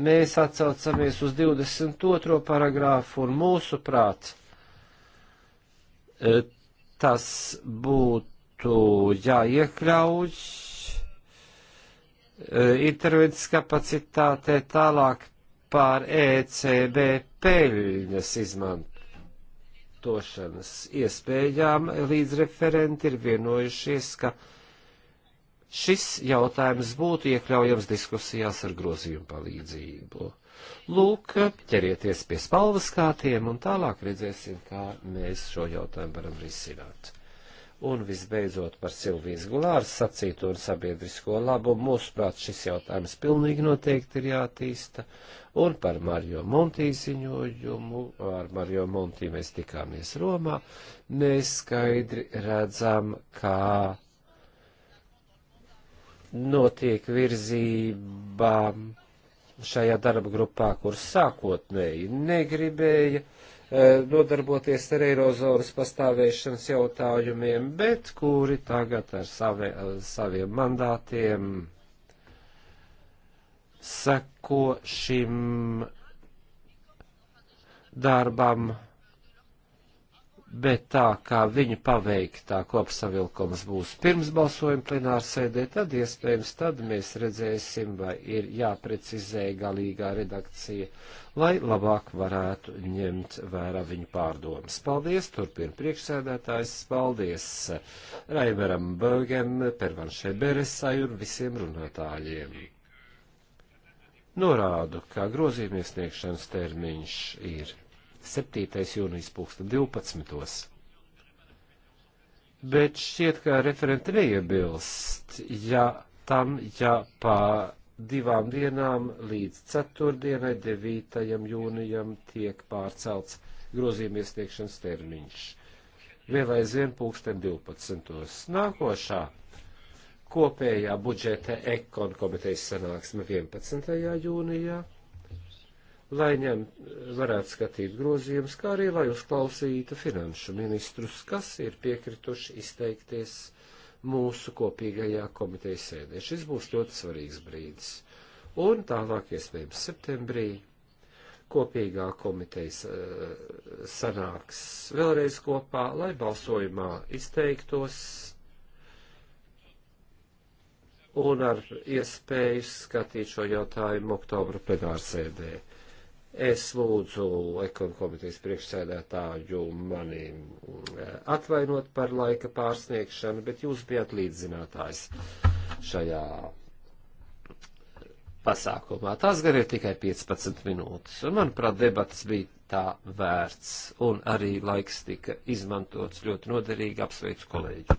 mēs atcaucamies uz 22. paragrāfu un mūsu prāt eh, tas būtu jāiekļauj eh, intervences kapacitātē tālāk pār ECB peļņas izmantošanu likumdošanas iespējām līdzreferenti ir vienojušies, ka šis jautājums būtu iekļaujams diskusijās ar grozījumu palīdzību. Lūk, ķerieties pie spalvas kātiem un tālāk redzēsim, kā mēs šo jautājumu varam risināt. Un visbeidzot par Silvijas Gulāras sacīto un sabiedrisko labumu, mūsuprāt, šis jautājums pilnīgi noteikti ir jātīsta. Un par Mario Monti ziņojumu, ar Mario Monti mēs tikāmies Romā, mēs skaidri redzam, kā notiek virzība šajā darba grupā, kur sākotnēji negribēja Eh, nodarboties ar eirozonas pastāvēšanas jautājumiem, bet kuri tagad ar savi, eh, saviem mandātiem seko šim darbam bet tā kā viņa paveiktā kopsavilkums būs pirms balsojuma plenārsēdē, tad iespējams tad mēs redzēsim, vai ir jāprecizē galīgā redakcija, lai labāk varētu ņemt vērā viņa pārdomas. Paldies, turpina priekšsēdētājs, paldies eh, Raimeram Bögem, Pervanšē Beresai un visiem runātājiem. Norādu, ka grozījuma iesniegšanas termiņš ir 7. jūnijas pulksten 12. Bet šķiet, ka referenti neiebilst, ja tam jāpār. Ja divām dienām līdz ceturtdienai, 9. jūnijam, tiek pārcelts grozījuma iesniegšanas termiņš. Vēl aizvien pulksten 12. Nākošā kopējā budžeta ekon komitejas sanāksme 11. jūnijā lai ņem, varētu skatīt grozījumus, kā arī lai uzklausītu finanšu ministrus, kas ir piekrituši izteikties mūsu kopīgajā komitejas sēdē. Šis būs ļoti svarīgs brīdis. Un tālāk, iespējams, septembrī kopīgā komitejas eh, sanāks vēlreiz kopā, lai balsojumā izteiktos un ar iespēju skatīt šo jautājumu oktobra plenārsēdē. Es lūdzu ekonomikas komitejas priekšsēdētāju mani eh, atvainot par laika pārsniegšanu, bet jūs bijat līdzzinātājs šajā pasākumā. Tās gan ir tikai 15 minūtes, un manuprāt, debats bija tā vērts, un arī laiks tika izmantots ļoti noderīgi. Apsveicu kolēģi!